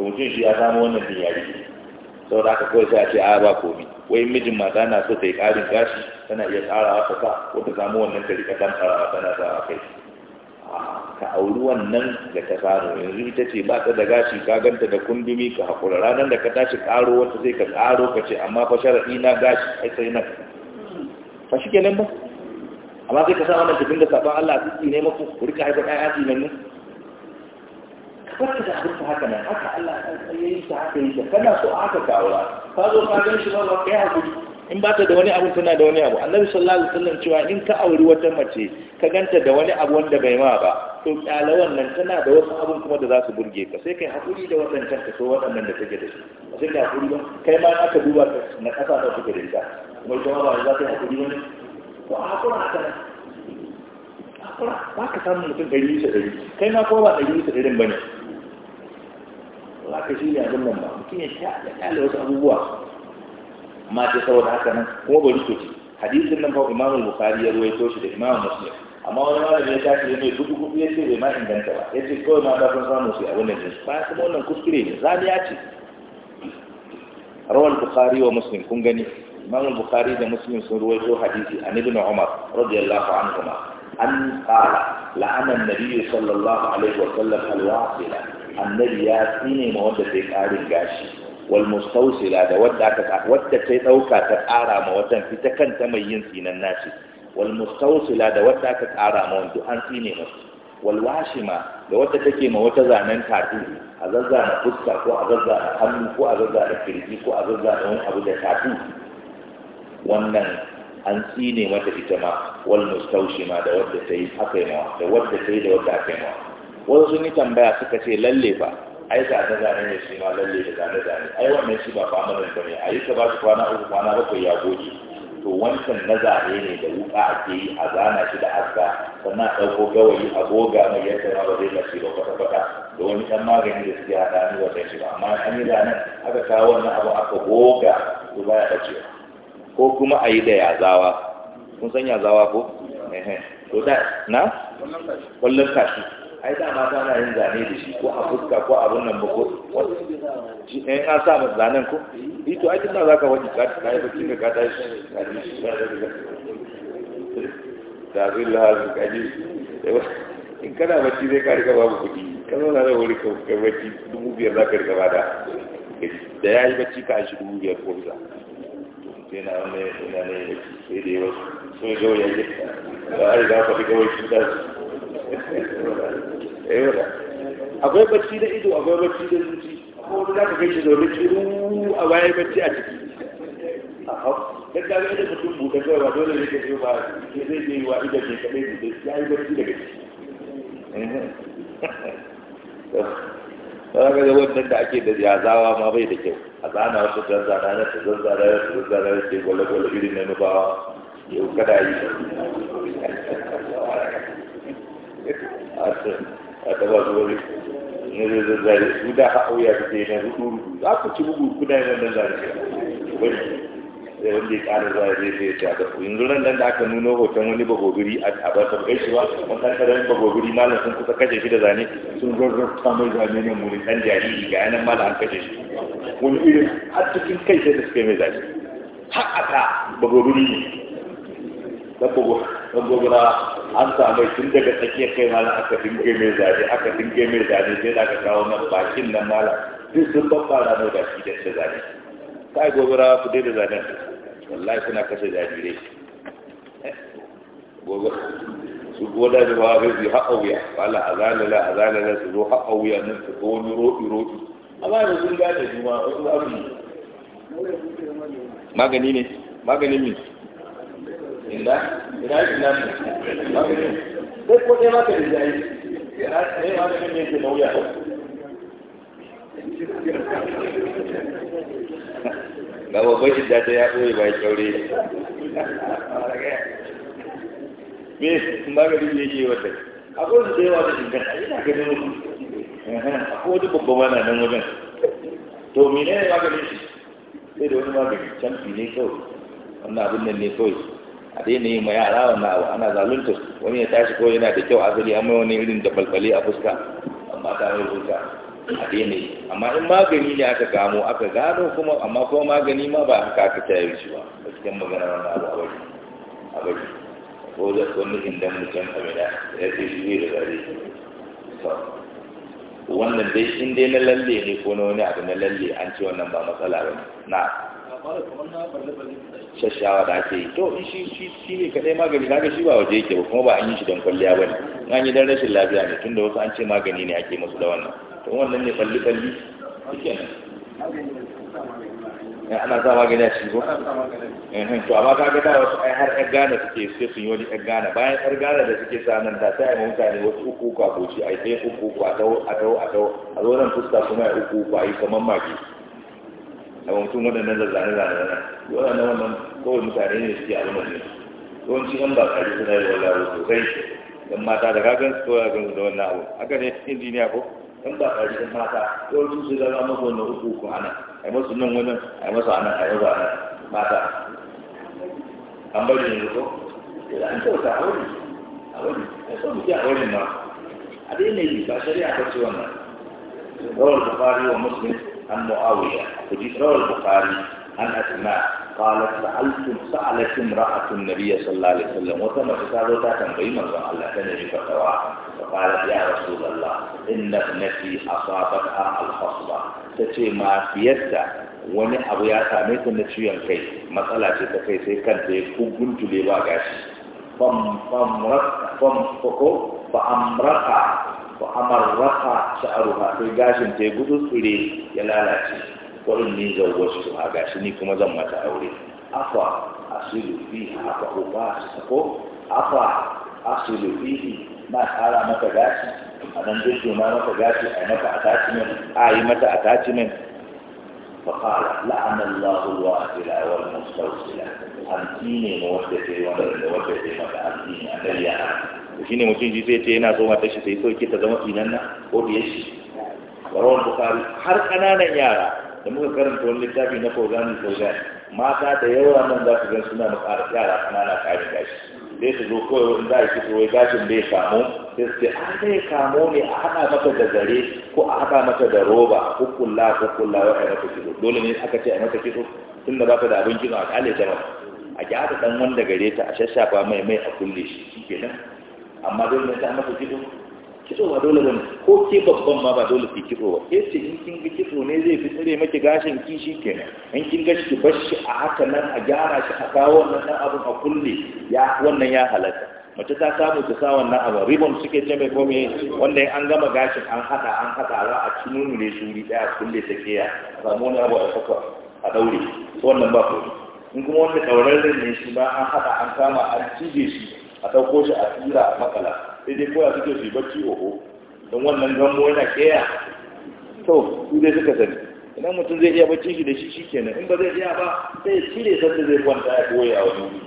to mutum shi ya samu wannan din sau da aka kawai sai a ce a ba komi wai mijin mata na so ta yi karin gashi tana iya tsarawa ta sa ko ta samu wannan ta rika ɗan tsarawa tana sa kai ka auri wannan da ta samu yanzu ita ce ba ta da gashi ka ganta da kundumi ka haƙura ranar da ka tashi ƙaro wata sai ka ƙaro ka ce amma fa sharaɗi na gashi ai sai nan fa shi kenan ba amma sai ka sa wannan tafin da saɓan Allah a tsitsi ne maku ku rika haifar ɗaya aji nan ka farka da abin haka nan haka Allah ya yi ta haka yi ta kana so haka kawura ka zo ka gan shi ba ba ka yi haƙuri in ba ta da wani abu tana da wani abu annabi sallallahu alaihi wasallam cewa in ka auri wata mace ka ganta da wani abu wanda bai ma ba to kyala wannan tana da wasu abun kuma da za su burge ka sai kai hakuri da waɗancan ka so waɗannan da take da su a sai kai hakuri ba kai ma aka duba ka na ƙasa da kuke da ita kuma ita ma ba za ta yi hakuri ba ne ko a hakura haka nan ba ka samu mutum ɗari bisa ɗari kai ma kuma ba ɗari bisa ɗarin ba ne ba ka shi shirya abin nan ba mutum ya sha da kyala wasu abubuwa Ma ce saboda haka nan kuma bari ku ci hadisin nan fa imamul bukhari ya ruwaito shi da imamul muslim amma wani malami ya tashi mai dubu kuɗi ya ce bai ma inganta ba ya ce kawai mata sun samu su a wannan jinsu ba kuma wannan kuskure ne ya ce rawar bukari wa muslim kun gani imam bukari da muslim sun ruwaito hadisi an ibn umar radiyallahu anhu an qala la'ana an-nabiy sallallahu alaihi wa sallam al-wasila annabi ya tsine ma wanda sai karin gashi wal والمستوصلة da wadda aka wadda ta dauka ta ƙara ma wajen fita kanta mai yin tsinan nashi wal mustawsila da wata aka tsara ma wanda an tsine masu wal washima da wata take ma wata zanen tatu a zazzana fuska ko a zazzana hannu ko a zazzana kirji ko a da tatu wannan an tsine mata ita ma wal ma da wadda ta yi aka da wadda ta yi da wadda aka ma. mawa sun yi tambaya suka ce lalle ba ai za ta zane ne shi ma lalle da zane zane ai wannan shi ba famanin ba ne a yi ta ba su kwana uku kwana bakwai ya goge to wancan na ne da wuka ake yi a zana shi da aska sannan a ɗauko gawayi a goga mai yadda ma ba zai lashe ba kwata kwata da wani ɗan magani da suke haɗa ni wajen shi ba amma an yi zanen aka kawo wannan abu aka goga to baya ɗace ko kuma a yi da yazawa kun san yazawa ko to da na kwallon kashi ai da mata na yin zane da shi ko a fuska ko a nan ba ko shi eh, ne an sa masa zanen ko yi eh, to aikin na za ka wani ka ta yi bakin ka ta shi na ji shi na da zai lahar ka ji in kana bacci zai ka riga babu kudi ka zauna da wuri ka bacci dubu biyar za ka riga ba da da ya yi bacci ka shi dubu biyar ko bisa sai na wani yana ne bacci sai da yawa sun gawaye ya yi ba a riga ka fi gawaye shi da su Eh, akwai bacci da ido akwai bacci da zuci akwai za ka kai shi zaune ciru a bayan bacci a ciki da ka ga idan mutum buɗe kawai ba dole ne ka ce ba ke zai je wa idan ne kaɗai buɗe ya yi bacci daga ciki ba eh. [laughs] ga da wannan da ake da yazawa ma bai da kyau a zana wasu zanzana na su zanzana na su zanzana na su gwale-gwale irin na nubawa yau kada yi [laughs] a a taba zuwa ne ne zai zare su da ha auya da ke na rudu rudu za ku ci bugu kuna yana nan zare wani da wanda ya ƙara zare zai zai ta da ku yanzu nan da aka nuna hoton wani bagobiri a ba ta kai shi ba makarantar wani bagobiri malam sun kusa kashe shi da zane sun rarrafta mai zane ne muni ɗan jariri ga yanan malam an kashe shi wani irin har cikin kai sai da suka yi mai zane har aka bagobiri ne da gobara an samu tun daga tsakiya kai malam aka dinge mai zane aka dinge mai zane sai da aka kawo nan bakin nan mala duk sun babba babbara mai da shi da zane kai gobara ku dai da zanen wallahi suna kashe jarirai eh, gobe su goda da ba zai zai haƙa wuya wala a zalala a zalala su zo haƙa wuya nan su ko wani roɗi roɗi amma da sun gane juma wasu abu magani ne magani ne ila ko dai maka da jayi sai ma da ne ke nauya ga babban shidda ta ya ɓoye ba kyaure me maganin ne ke wata akwai su da yawa da inganta ina ganin akwai wata babban wana nan wajen to mene ne maganin shi sai da wani magani canfi ne kawai wannan abin nan ne kawai a mai yi ma yara wannan abu ana zalunta wani ya tashi ko yana da kyau asali amma wani irin da balbali a fuska amma ta yi fuska a yi amma in magani ne aka gano aka gano kuma amma kuma magani ma ba haka aka yi shi ba a cikin magana na abu a bari a bari ko da wani indan mutum mina ya ce shi ne da gare wannan dai in dai na lalle ne ko na wani abu na lalle an ce wannan ba matsala ba na shashawa da ake yi to in shi shi shi ne kadai magani kaga shi ba waje yake ba kuma ba an yi shi don kwalliya bane in an yi dan rashin lafiya ne tunda wasu an ce magani ne ake musu da wannan to wannan ne kwalli kwalli shikenan eh, ana sa magani a shigo to amma ka ga da wasu ai har yan gane suke sai sun yi wani yan gane bayan yan gane da suke sa nan da sai mutane wasu uku uku a goci ai sai uku uku a dau a dau a dau a zo nan fuska kuma ya uku uku yi kamar magani a ba mutum waɗannan zazzane zazzane yana na wannan kowai mutane ne suke abin da yawanci yan ba kari suna yi wallah ba sosai yan mata da kagan su kawai gan da wannan abu haka ne injiniya ko yan ba kari mata yawanci su zama masu wannan uku ana a yi wani a wani a so عن معاوية حديث رواه البخاري عن أسماء قالت سألت سألت امرأة النبي صلى الله عليه وسلم وتم كتابه وتاتم بين الله الله تنبي فتوى فقالت يا رسول الله إن ابنتي أصابتها الخصبة تشي ما فيتا wani abu ya same ta na ciwon kai matsala ce ta kai sai kanta ya kuguntule ba gashi wa amarraha sha'ruha ko gashin ta gudu tsure ya lalace ko ni inni ha gashi ni kuma zan mata aure afa asilu fiha afa uba ko afa asilu fihi na tsara maka gashi a nan jirgin ma maka gashi a maka attachment a yi mata attachment فقال لعن الله الواكلة والمستوسلة أنتيني مودتي ومن مودتي مكأنتيني أنتيني to shine mutum ji sai ce yana so matar shi sai soke ta zama inan na ko yashi. shi barawar bukari har kananan yara da muka karanta wani littafi na fauzani fauzani mata da yawa nan za su gan suna da yara kanana ƙarin gashi sai su zo kawai wani za a fito wai gashin bai kamo sai su ce an zai kamo ne a haɗa mata da zare ko a haɗa mata da roba ko kulla ko kulla a mata kitso dole ne aka ce a mata kitso tun da ba ta da abin kitso a ƙale ta a gyara ɗan wanda gare ta a shashafa mai mai a kulle shi shi kenan amma dole ne ta masa kido kido ba dole ne ko ke babban ma ba dole ke kido ba ke ce in kin ga kiɗo ne zai fi tsire maki gashin ki shi kenan in kin ga shi bar shi a haka nan a gyara shi a kawo wannan ɗan abin a kulle ya wannan ya halatta mace ta samu ta sa wannan abin ribon suke ce mai kome wanda an gama gashin an haɗa an haɗa za a ci nuni ne shuri ɗaya kulle ta ke a samu wani abu a saka a ɗaure wannan ba kome in kuma wanda ɗaurarren ne shi ba an haɗa an kama an cije shi a ɗauko shi a tsira a makala sai dai koya suke su yi bacci oho don wannan gambo yana keya to su dai suka sani idan mutum zai iya ba shi da shi shi kenan in ba zai iya ba sai cire sanda zai kwanta ya koya a wani wuri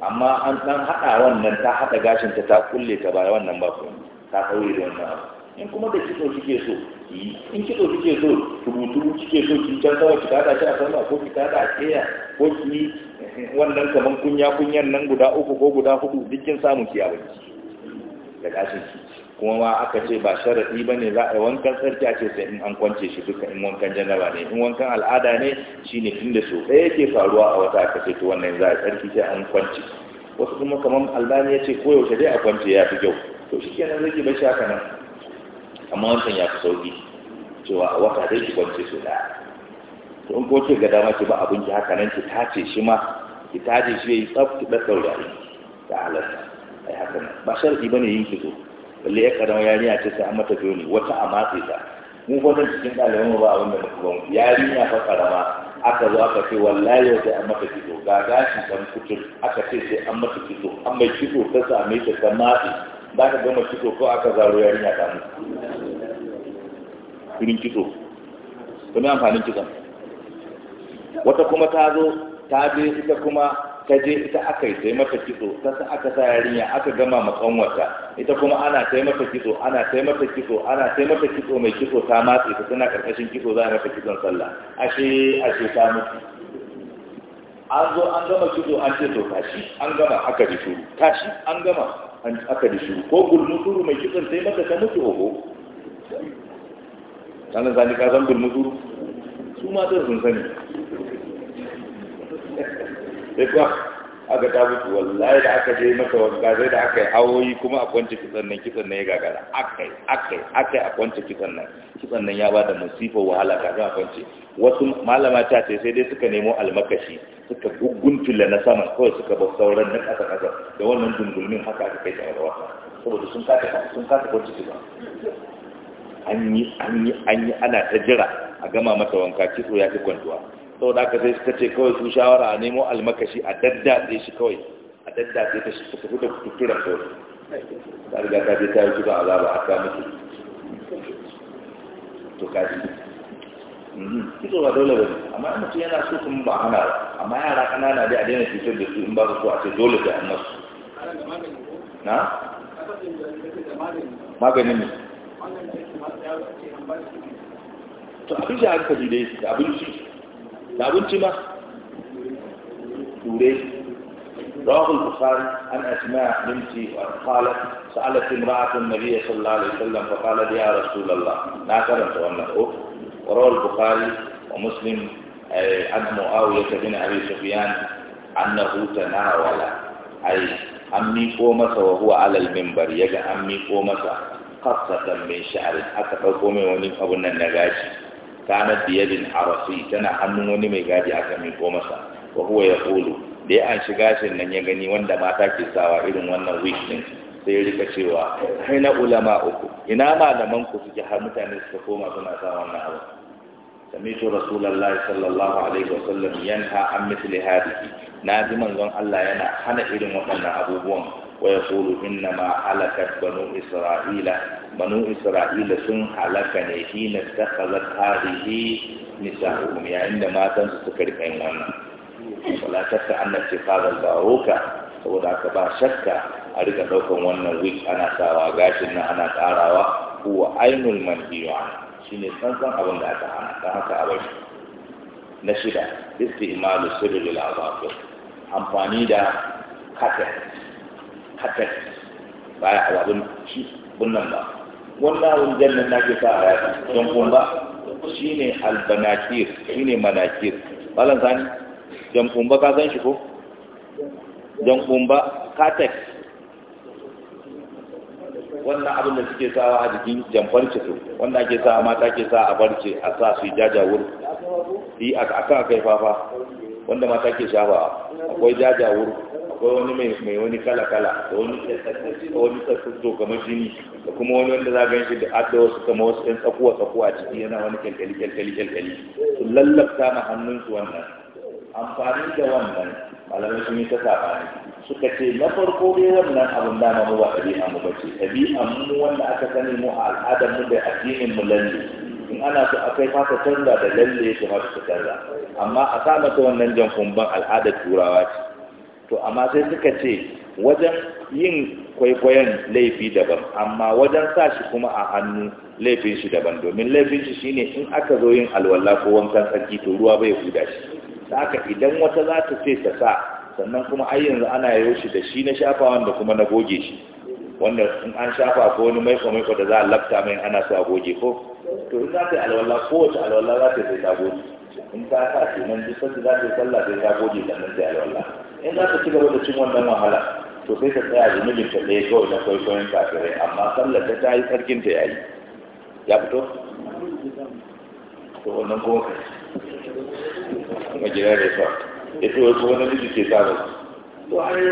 amma an ɗan haɗa wannan ta haɗa gashinta ta kulle ta baya wannan ba kuma ta kauye da wannan abu in kuma da kitso kike so yi in kitso kike so rubutu kike so ki can kawai ki tada shi a sama ko ki tada a keya ko ki wannan kaman kunya kunyan nan guda uku ko guda hudu dukkin samun ki da gashin ki kuma ma aka ce ba sharadi ba ne za a yi wankan tsarki a ce sai in an kwance shi duka in wankan janaba ne in wankan al'ada ne shine tun da so ɗaya yake faruwa a wata aka ce to wannan za a tsarki sai an kwance wasu kuma kaman albani ya ce koyaushe dai a kwance ya fi kyau to shi kenan zai bashi haka nan amma wancan ya fi sauki cewa a wata dai ki kwance su ɗaya to in ko ce ga dama ki ba ki haka nan ki tace shi ma ki taje shi yayi tsaf ki da ta halatta ai haka ba ba ne yin fito balle ya karama yarinya ce sai an mata doni wata a matse ta mu fa nan cikin ɗaliban ba abin da muka ba yarinya fa karama aka zo aka ce wallahi yau sai an mata fito ga gashi kan kutur aka ce sai an mata fito an mai fito ta same ta ta matse ba ka gama fito ko aka zaro yarinya ta mu irin kizo kuma amfanin kitan wata kuma ta zo ta je ita kuma ta je ita aka yi sai mata kitso ta sa aka sa yarinya aka gama makon wata ita kuma ana sai mata kitso ana sai mata kitso ana sai mata kitso mai kitso ta matse ta tana karkashin kitso za a mata kitson sallah ashe ashe ta mutu an zo an gama kitso an ce to tashi an gama aka ji shuru tashi an gama aka ji shuru ko gulmuturu mai kitson sai mata ta mutu oho sanan zani ka san gulmuturu su matan sun sani sai kuwa aka ta mutu wallahi da aka je masa wanka zai da aka yi hawoyi kuma a kwanci kitsan nan kitsan nan ya gagara akai akai akai a kwanci kitsan nan kitsan nan ya ba da masifar wahala kafin a kwanci wasu malama ta ce sai dai suka nemo almakashi suka guguntula na saman kawai suka bar sauran na ƙasa ƙasa da wannan dungulmin haka aka kai shi rawa saboda sun kasa sun kasa kwance kitsan an yi an yi an yi ana ta jira a gama mata wanka kitso ya fi kwantuwa sau da aka sai suka ce kawai su shawara a nemo almakashi a daddatse shi kawai a daddatse ta shi suka kuka kira kawai ta riga ta je ta yi kiba azaba a ka mutu to kaji mm-hmm. kitso ba dole ba amma in mutu yana so kuma ba hana ba amma yara kanana dai a daina cutar da su in ba su so a ce dole da an su na maganin ne to abin da hankali dai abin shi لابد abinci ba رواه البخاري عن اسماء بنتي قالت سالت امراه النبي صلى الله عليه وسلم فقالت يا رسول الله وانا اوف وروى البخاري ومسلم آه، عن معاويه بن ابي سفيان انه تناول اي أمي قومه وهو على المنبر يجا أمي قومه قصة من شعر حتى قومي ونين ابن النجاشي kana biyadin harasi tana hannun wani mai gadi aka mai ko masa wa huwa yaqulu da ya an shiga shin nan ya gani wanda mata ke sawa irin wannan week sai ya rika cewa kai na ulama uku ina malaman ku suke har mutane suka koma suna sa wannan abu samitu rasulallah sallallahu alaihi sallam, yanka an mithli hadhihi na ji manzon Allah yana hana irin waɗannan abubuwan ويقول إنما هلكت بنو إسرائيل بنو إسرائيل سن هلكني حين اتخذت هذه نساءهم يعني عندما تنسى سكر فإن فلا شك أن اتخاذ الباروكة هو ذاك با شك أريد أن أقول أن الويك أنا سارى غاشنا أنا سارى هو عين المنهي عنه شين السنسان أبن ذاك أنا ذاك أبن نشد استعمال سرر الأضافر أمفاني ذا خطر hakan ba ya ababin shi bunnan ba wannan abin jannan na ke sa a yaki don kun ba shi ne albanakir shi ne manakir balan sani jan ba ka san shi ko jan kumba katek wannan abin da suke sawa a jikin jamfar ce to wanda ke sa mata ke sa a barce a sa su jajawur yi a kan kai fafa wanda mata ke shafa akwai jajawur akwai wani mai mai wani kala kala wani da wani tsatsu kamar jini da kuma wani wanda za gan shi da adda wasu kama wasu ɗan tsakuwa tsakuwa a ciki yana wani kyalkyali kyalkyali kyalkyali su lallafta na hannunsu wannan amfani da wannan malamai sun yi ta sabani suka ce na farko dai wannan abin da mu ba a ɗabi'a mu ba ce ɗabi'a mu wanda aka sani mu a al'adar mu da addinin mu lalle in ana so a kai fata canza da lalle ya kamata ta canza amma a sa mata wannan jan kumban al'adar turawa ce to amma sai suka ce wajen yin kwaikwayon laifi daban amma wajen sa shi kuma a hannu laifin shi daban domin laifin shi shine in aka zo yin alwala ko wankan tsarki to ruwa bai huda shi haka idan wata za ta ce ta sa sannan kuma ai yanzu ana yayo shi da shi na shafa wanda kuma na goge shi wanda in an shafa ko wani maiko maiko da za a lafta mai ana sa a goge ko to in za ta yi alwala kowace alwala za ta yi ta goge in ta sa nan duk sanda za ta yi sallah sai ta goge sannan ta yi alwala in za ka ci gaba da cin wannan wahala to sai ka tsaya da mijinta ɗaya kawai na kwaikwayon kafirai amma sallar ta ta yi sarkin ta yayi ya fito to wannan kuma ka kuma gida da yasa ya ce wasu wani miji ke sa wasu to ai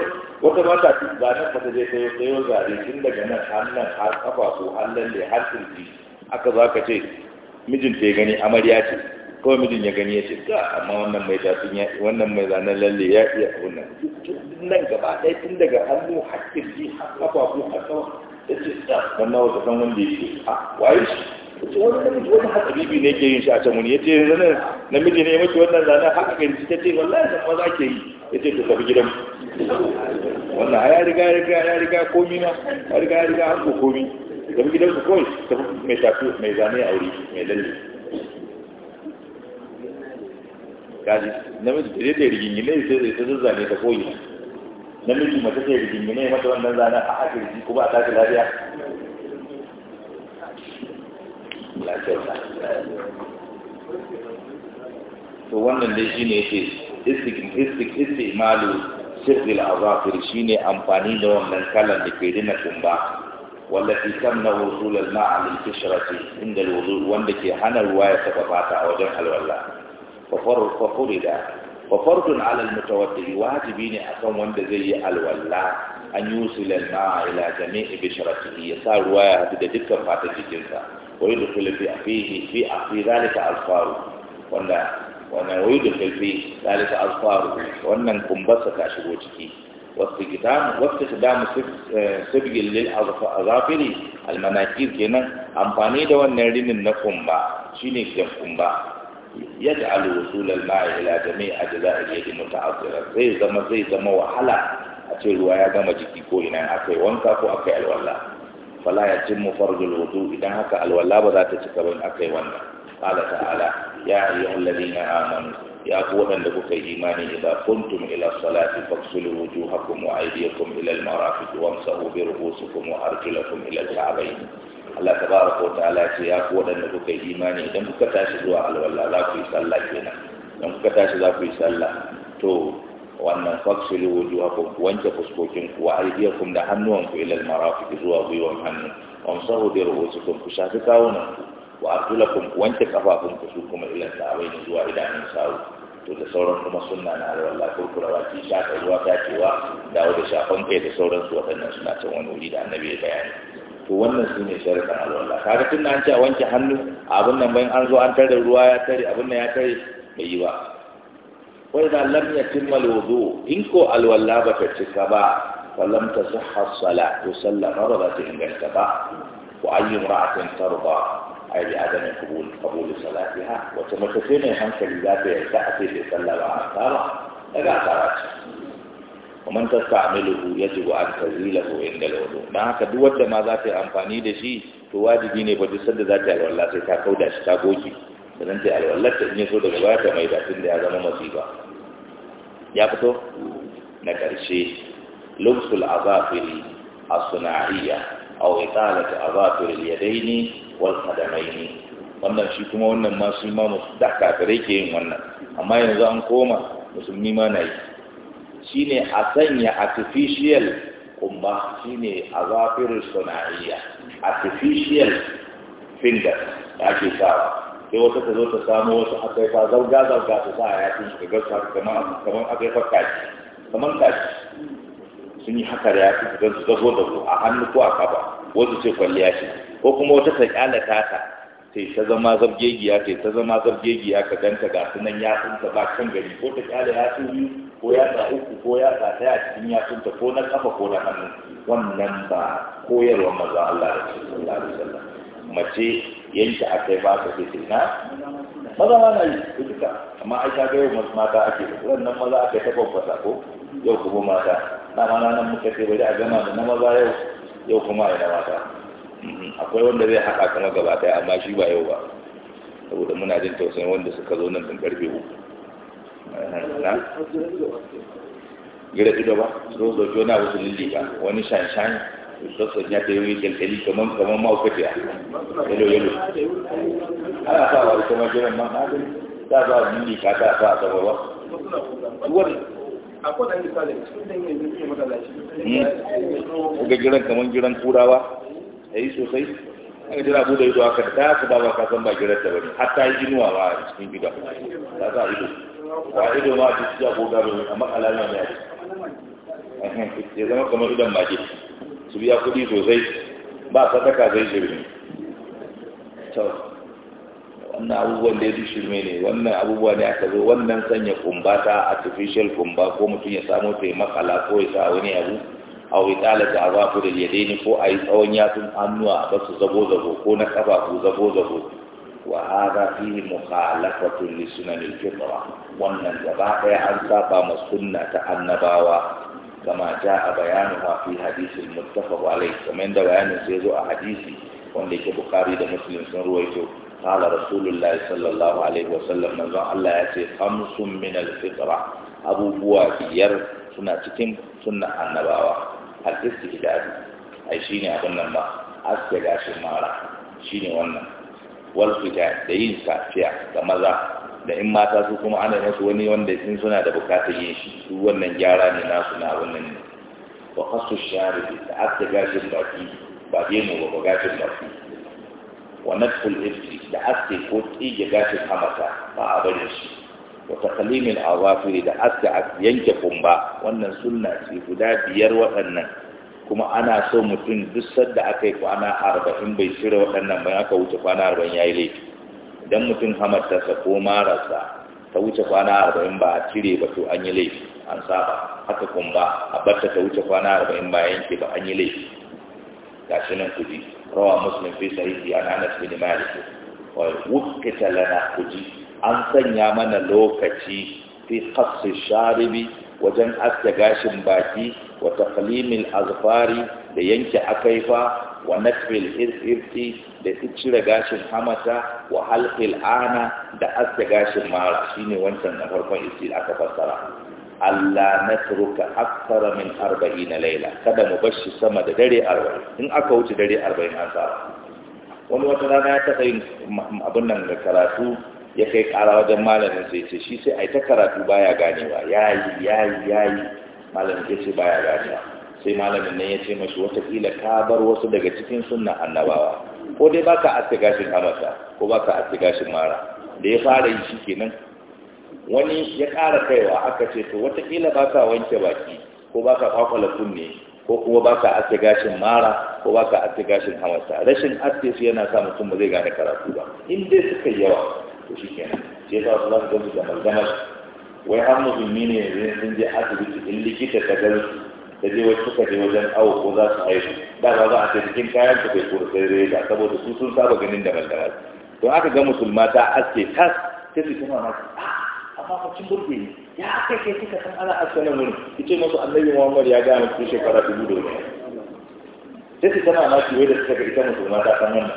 wata mata ba nan ba ta je sayo sayo zare tun daga nan har kafa har kafafu har lalle har kirji aka za ka ce mijinta ya gani amarya ce kawai mijin ya gani ya ce ga amma wannan mai zafin ya wannan mai zanen lalle ya iya abun nan nan gaba ɗaya tun daga hannu har ji har ko har kawa ya ce sa wannan wata san wanda ya ce a waye shi wani namiji wani bibi ne ke yin shi a can wani ya ce zanen namiji ne ya maki wannan zanen haka ga yanzu ta ce wallahi san maza ke yi ya ce to tafi gidan wannan ya riga ya riga ya riga komi ma ya riga ya riga an ko komi tafi gidan ku kawai tafi mai tafi mai zane aure mai lalle kaji namiji ta daidai ne sai zai ta zazzane ta koyi namiji mace sai ne mata wannan zana a haka rigi kuma a tashi lafiya to wannan dai shine Malu, istik istimalu sirril azafir ne amfani da wannan kalan da ke dina kumba wanda fi kan na maa ma'alin kishirati inda wanda ke hana ruwa ya taba fata a wajen halwallah ففرد ففرد على المتوضئ واجبين أكون وند زي الولا أن يوصل الماء إلى جميع بشرته يسار واحد هدد دكا جنسا ويدخل في فيه في في ذلك الفار ولا وأنا ويدخل في ذلك الفار وأن كمبسة تشبه واستخدام واستخدام سبق للأظافر المناكير كنا أمفاني دوان نردين النقم با شيني كم با Yadda wusul al-ma'i ila jami' ajza'i al-yadi muta'assiran zai zama zai zama wahala a ce ruwa ya gama jiki ko ina akai wanka ko akai alwala fala yatimmu farjul wudu idan haka al'walla ba za ta cika ba akai wannan ta ta'ala ya ayyuhalladhina amanu ya ku waɗanda kuka yi imani idan kuntum ilar salati faksulu wujuhakum wa aydiyakum ila al-marafiq wamsahu bi ru'usikum wa arjulakum ila al Allah tabaraka wa ta'ala ce ya ku waɗanda kuka yi imani idan kuka tashi zuwa alwala za ku yi sallah kenan idan kuka tashi za ku yi sallah to wannan faksilu wujuhakum wanke fuskokin ku wa aydiyakum da hannuwan hannuwanku ku almarafiq zuwa gwiwan hannu wamsahu bi ru'usikum ku shafi kawunan ku wa arjulakum ku wanke kafafun ku su kuma ila sa'awain zuwa idanun sawu to da sauran kuma sunna na alwala ko wa ki shafa zuwa ta cewa dawo da shafan kai da sauransu waɗannan suna can wani wuri da annabi ya bayani to wannan su ne sharikan alwala kaga tun an ce a wanke hannu abin nan bayan an zo an tare ruwa ya tare abin nan ya tare bai yi ba wani da lam ya in ko alwala ba ta cika ba falam ta su hasala to sallah ma ba za ta inganta ba an yi ra'atin tarda ai bi adam kubul kabul salatiha wa ta mutafi ne hankali za ta yarda a sai sai sallah ba ta ba daga ta kamar ta sa ya ce wa'ad ka zila ko in na haka duk wanda ma za ta yi amfani da shi to wajibi ne ba duk sanda za ta yi alwala sai ta kau da shi ta goge da nan ta yi alwala ta in yi mai da da ya zama mafi ba ya fito na ƙarshe lubsul azafiri a suna'iya a wai tsala ta azafiri ya daini wa sadamai ne wannan shi kuma wannan ma shi ma da kafirai ke yin wannan amma yanzu an koma musulmi ma na yi shine a sanya artificial shi shine a zafirin suna'iyya artificial finger da ake sawa sai wata ta zo ta samu wasu akaifa zarga zarga su sa a yakin shiga gasa kamar akaifa kaji kamar kaji sun yi haka da yakin su don su da da a hannu ko a kaba wasu ce kwalliya shi ko kuma wata ta kyala ta. sai ta zama zargegiya sai ta zama zargegiya ka ganta ga sunan ya ta ba can gari ko ta kyala yatsun biyu ko yatsa uku ko yatsa ɗaya a cikin yatsunta ko na kafa ko na hannu wannan ba koyarwa maza Allah da su sallallahu alaihi Sallah. mace yanke kai ba ta ce na maza ma na yi duka amma ai ta ga yau mata ake wannan maza aka ta fasa ko yau kuma mata na ma nan muka ce bari a gama da na maza yau yau kuma ya na mata mhm. akwai wanda zai haɗa kama gaba ɗaya amma shi ba yau ba saboda muna jin tausayin wanda suka zo nan tun karfe uku gira ido ba zo zo jona wasu lulli ba wani shanshan sassa ya ta yi kyalkyali kamar kamar ma'aukatiya yalo yalo ana sa wa ita jiran ma na gani ta ba lulli ka ta sa a saba ba wani akwai ɗan misali cikin dangin da suke matsalaci ga jiran kamar jiran kurawa ya yi sosai an jira abu da ido aka ta su ba ba ka san ba giran ta bane hatta yi inuwa ba a cikin gida ta sa ido a ido ma duk ya ko gaba ne amma alama ne ya zama kamar idan mage su biya kuɗi sosai ba sadaka zai shirme to wannan abubuwan da ya shirme ne wannan abubuwa ne aka zo wannan sanya ta artificial kumba ko mutum ya samu ta makala ko ya sa wani abu a witala ta azafu da ya yadaini ko a yi tsawon yatsun hannuwa ba su zabo zabo ko na kafa ko zabo zabo وهذا فيه مخالفة لسنن الفطرة وأن الجباء أنساب مسنة النباوة كما جاء بيانها في حديث المتفق عليه ومن بيان سيزو أحاديثي وأن بخاري ده مسلم سنرويته قال رسول الله صلى الله عليه وسلم نزع الله يأتي خمس من الفطرة أبو بوا بير سنة تكم سنة النباوة الاستهداد أي شيني أبنى ما أسكي لأشي مارا شيني وأنه wal da yin safiya ga maza da in mata su kuma ana nasu wani wanda in suna da bukatar yin shi su wannan gyara ne nasu na wannan ne wa kasu shari da aka gashin baki ba gemu ba ba gashin baki wa natful ibti da aske ko tsige gashin hamata ba a bari shi wa takalimin awafiri da aske yanke kumba wannan sunna ce guda biyar waɗannan kuma ana so mutum duk sadda aka yi kwana arba'in bai shirya waɗannan bayan aka wuce kwana arba'in ya yi laifi idan mutum hamartarsa ko mararsa ta wuce kwana arba'in ba a cire ba to an yi laifi an saba haka kun ba a barta ta wuce kwana arba'in ba yanke ba an yi laifi ga shi nan kuji rawa muslim fi sahihi an anas bin malik wa wukkita lana kuji an sanya mana lokaci fi qassi sharibi wajen aske gashin baki wa taqlimil azfari da yanke akaifa wa nakfil irti da cire gashin hamata wa halqil ana da aske gashin mara shine wancan na farkon istil aka fassara Allah nasruka akthar min 40 layla kada mu bashi sama da dare 40 in aka wuce dare 40 an saba wani wata rana ya taɓa yin abin nan da karatu ya kai ƙara wajen malamin sai ce shi sai a yi ta karatu baya ganewa yi, ya yi. malamin ya ce baya gata sai malamin nan ya ce mashi watakila ka bar wasu daga cikin sunna annabawa ko dai baka aske gashin hamasa ko baka aske gashin mara da ya fara yi shi kenan wani ya kara kaiwa aka ce to watakila baka wanke baki ko baka kwakwala kunne ko kuma baka aske gashin mara ko baka aske gashin hamasa rashin aske su yana sa mutum ba zai gane karatu ba in dai suka yawa to shi kenan sai ba wasu za su zama da wai har musulmi ne yanzu sun je asibiti in likita ta gan su da je wai suka je wajen awo ko za su haihu da ba za a ce cikin kayan su bai kursai reza saboda su sun saba ganin ban daban don aka ga musulma ta aske tas ta su kuma masu ah, amma fa cin burbe ne ya aka kai kika san ana asalin wurin kice masu annabi Muhammad ya ga mu shekara dubu da wani sai su tana ma kiwe da suka ga ita musulma ta san wannan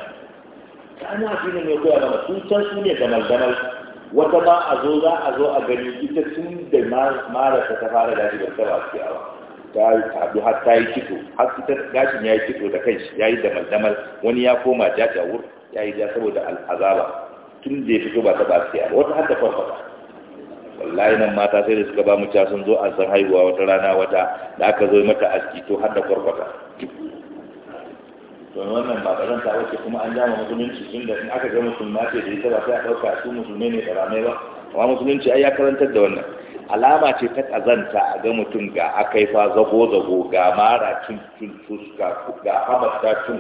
ta ana fi ne koya mana su can su ne gamal gamal wata ma a zo za a zo a gani ita tun da mara ta fara gashi da ta wasu yawa ta tabi har ta yi kito har ita gashin ya yi kito da kai ya yi damal-damal wani ya koma ja wur, ya yi ja saboda al'azaba tun da ya fito ba ta ba su yawa wata har da farfata wallahi nan mata sai da suka ba mu ca sun zo a san haihuwa wata rana wata da aka zo mata aski to har da farfata domin wannan ba ta wace kuma an dama musulunci tun da aka ga musulma ce da ita ba sai a ɗauka su musulmi ne da ramai ba amma musulunci ai ya karantar da wannan alama ce ta kazanta a ga mutum ga aka fa zago zago ga mara cin cin fuska ga hamasta cin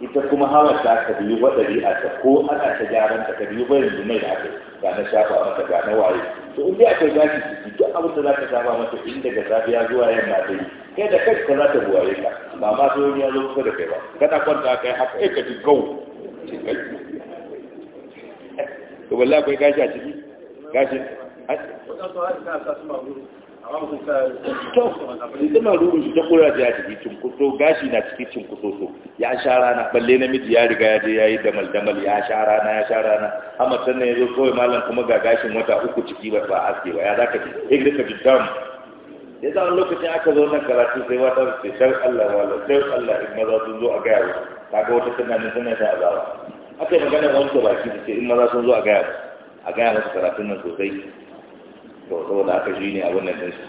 ita kuma ta ka biyu ba a ta ko ana ta gyaran ta ka biyu ba yanzu mai da aka ga na shafa mata ga na waye to in dai akwai gashi duk abin da zaka saba masa in daga safiya zuwa yamma dai kai da kai ka za ta buwaye ka ba ma so ya zo kusa da kai ba kana kwanta kai haka ai ka ji gau to wallahi kai gashi a ciki gashin to ita ruru shi ta kura ta ciki cinkuso gashi na ciki cinkuso so ya sha rana balle namiji ya riga ya je ya yi damal damal ya sha rana ya sha rana amma sannan ya zo kawai malam kuma ga gashin wata uku ciki ba ba aske ba ya za ka ji ka ji dam ya zama lokacin aka zo nan karatu sai wata ce shar Allah wala shar Allah in maza sun zo a gaya wa kaga wata tunanin tana ta azawa aka yi magana wani baki da ce in maza sun zo a gaya ba, a gaya masa karatun nan sosai to saboda haka shi ne abin nan dinsu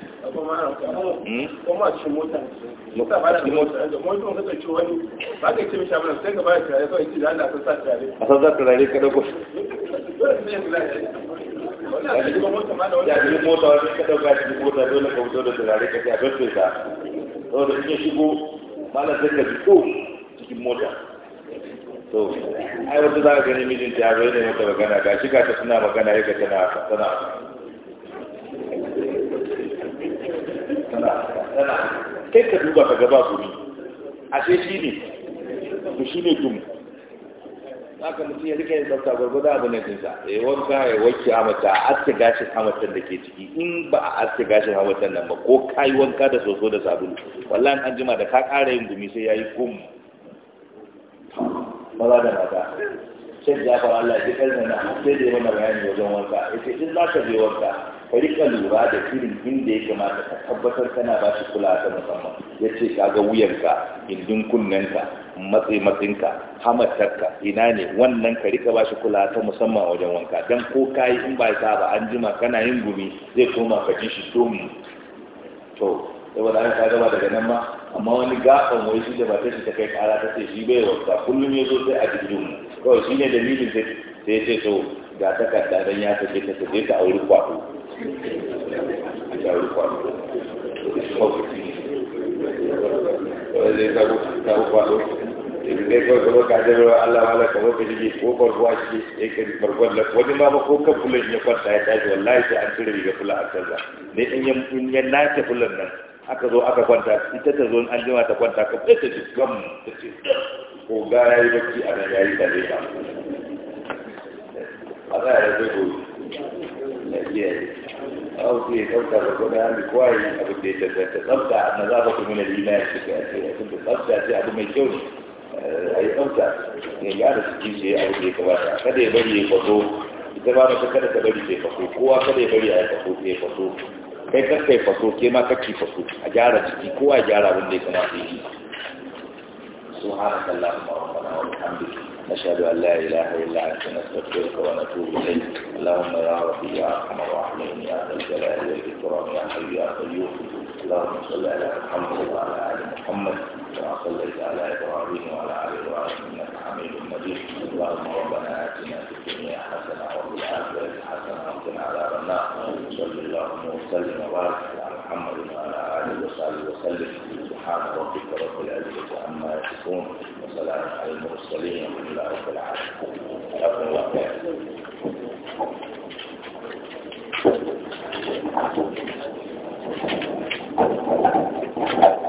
A cikin mota mota ta ci ka ba san ka dauko ya cikin mota wani ka dauka mota dole ka da turare ka a ta saboda cikin shigo malam sai ka cikin mota to ai wata za ka gani ga shi ka ta suna magana ya ka tana kai ka duba ka gaba guri ashe shi ne ku shi ne dum ka mutum ya rika yin tsafta gwargwada abu ne dinsa ya wanka ya wanke hamata a aske gashin hamatan da ke ciki in ba a aske gashin hamatan nan ba ko ka yi wanka da soso da sabulu wallahi an jima da ka ƙara yin gumi sai ya yi gum maza da mata sai ya fara Allah ya kai mana sai da yana bayani wajen wanka yace in za ka je wanka ka rika lura da irin inda ya kamata ka tabbatar kana ba shi kula ta musamman yace kaga wuyanka indin kunnenka matsi matsinka hamatarka ina ne wannan ka rika ba shi kula ta musamman wajen wanka dan ko kai in ba ka ba an jima kana yin gumi zai koma ka ji shi mu to saboda an ka gaba daga nan ma amma wani gaban wai shi da ba ta shi ta kai kara ta ce shi bai wanka kullum ya zo sai a jikin mu kawai shi ne dalilin da sai ce so ga takarda don ya sake ta sai ta auri kwaɗo ne ka Allah wala ka ko shi da wani ma ba ko ya kwanta ya tashi wallahi sai an cire riga ne in nan aka zo aka kwanta ita ta zo an jima ta kwanta ka gam ta ce oga ya yi bacci a nan ya yi dare ba a za a yi zai na iya yi a wasu ya tsabta da gwada hannu kowa yi abin da ya tattata tsabta na za ba kuma na lina ya shiga ya ce abin da tsabta ce abu mai kyau ne eh, a yi tsabta ne ya da suke shi abin da ya kamata kada ya bari ya faso ita ba mace kada ta bari ya faso kowa kada ya bari ya faso ya faso kai kakka faso ke ma kakki faso a gyara jiki kowa gyara abin ya kamata ya yi سبحانك اللهم ربنا وبحمدك نشهد أن لا إله إلا أنت نستغفرك ونتوب إليك اللهم يا ربي يا أرحم الراحمين يا ذا الجلال والإكرام يا حي يا قيوم اللهم صل على محمد وعلى آل محمد كما صليت على إبراهيم وعلى آل إبراهيم إنك حميد مجيد اللهم ربنا آتنا في الدنيا حسنة وفي الآخرة حسنة وقنا عذاب النار صلى اللهم وسلم وبارك على محمد وعلى آله وصحبه وسلم سبحانه ربك رب العزة عما يصفون وسلام على المرسلين من الله رب العالمين. Thank you.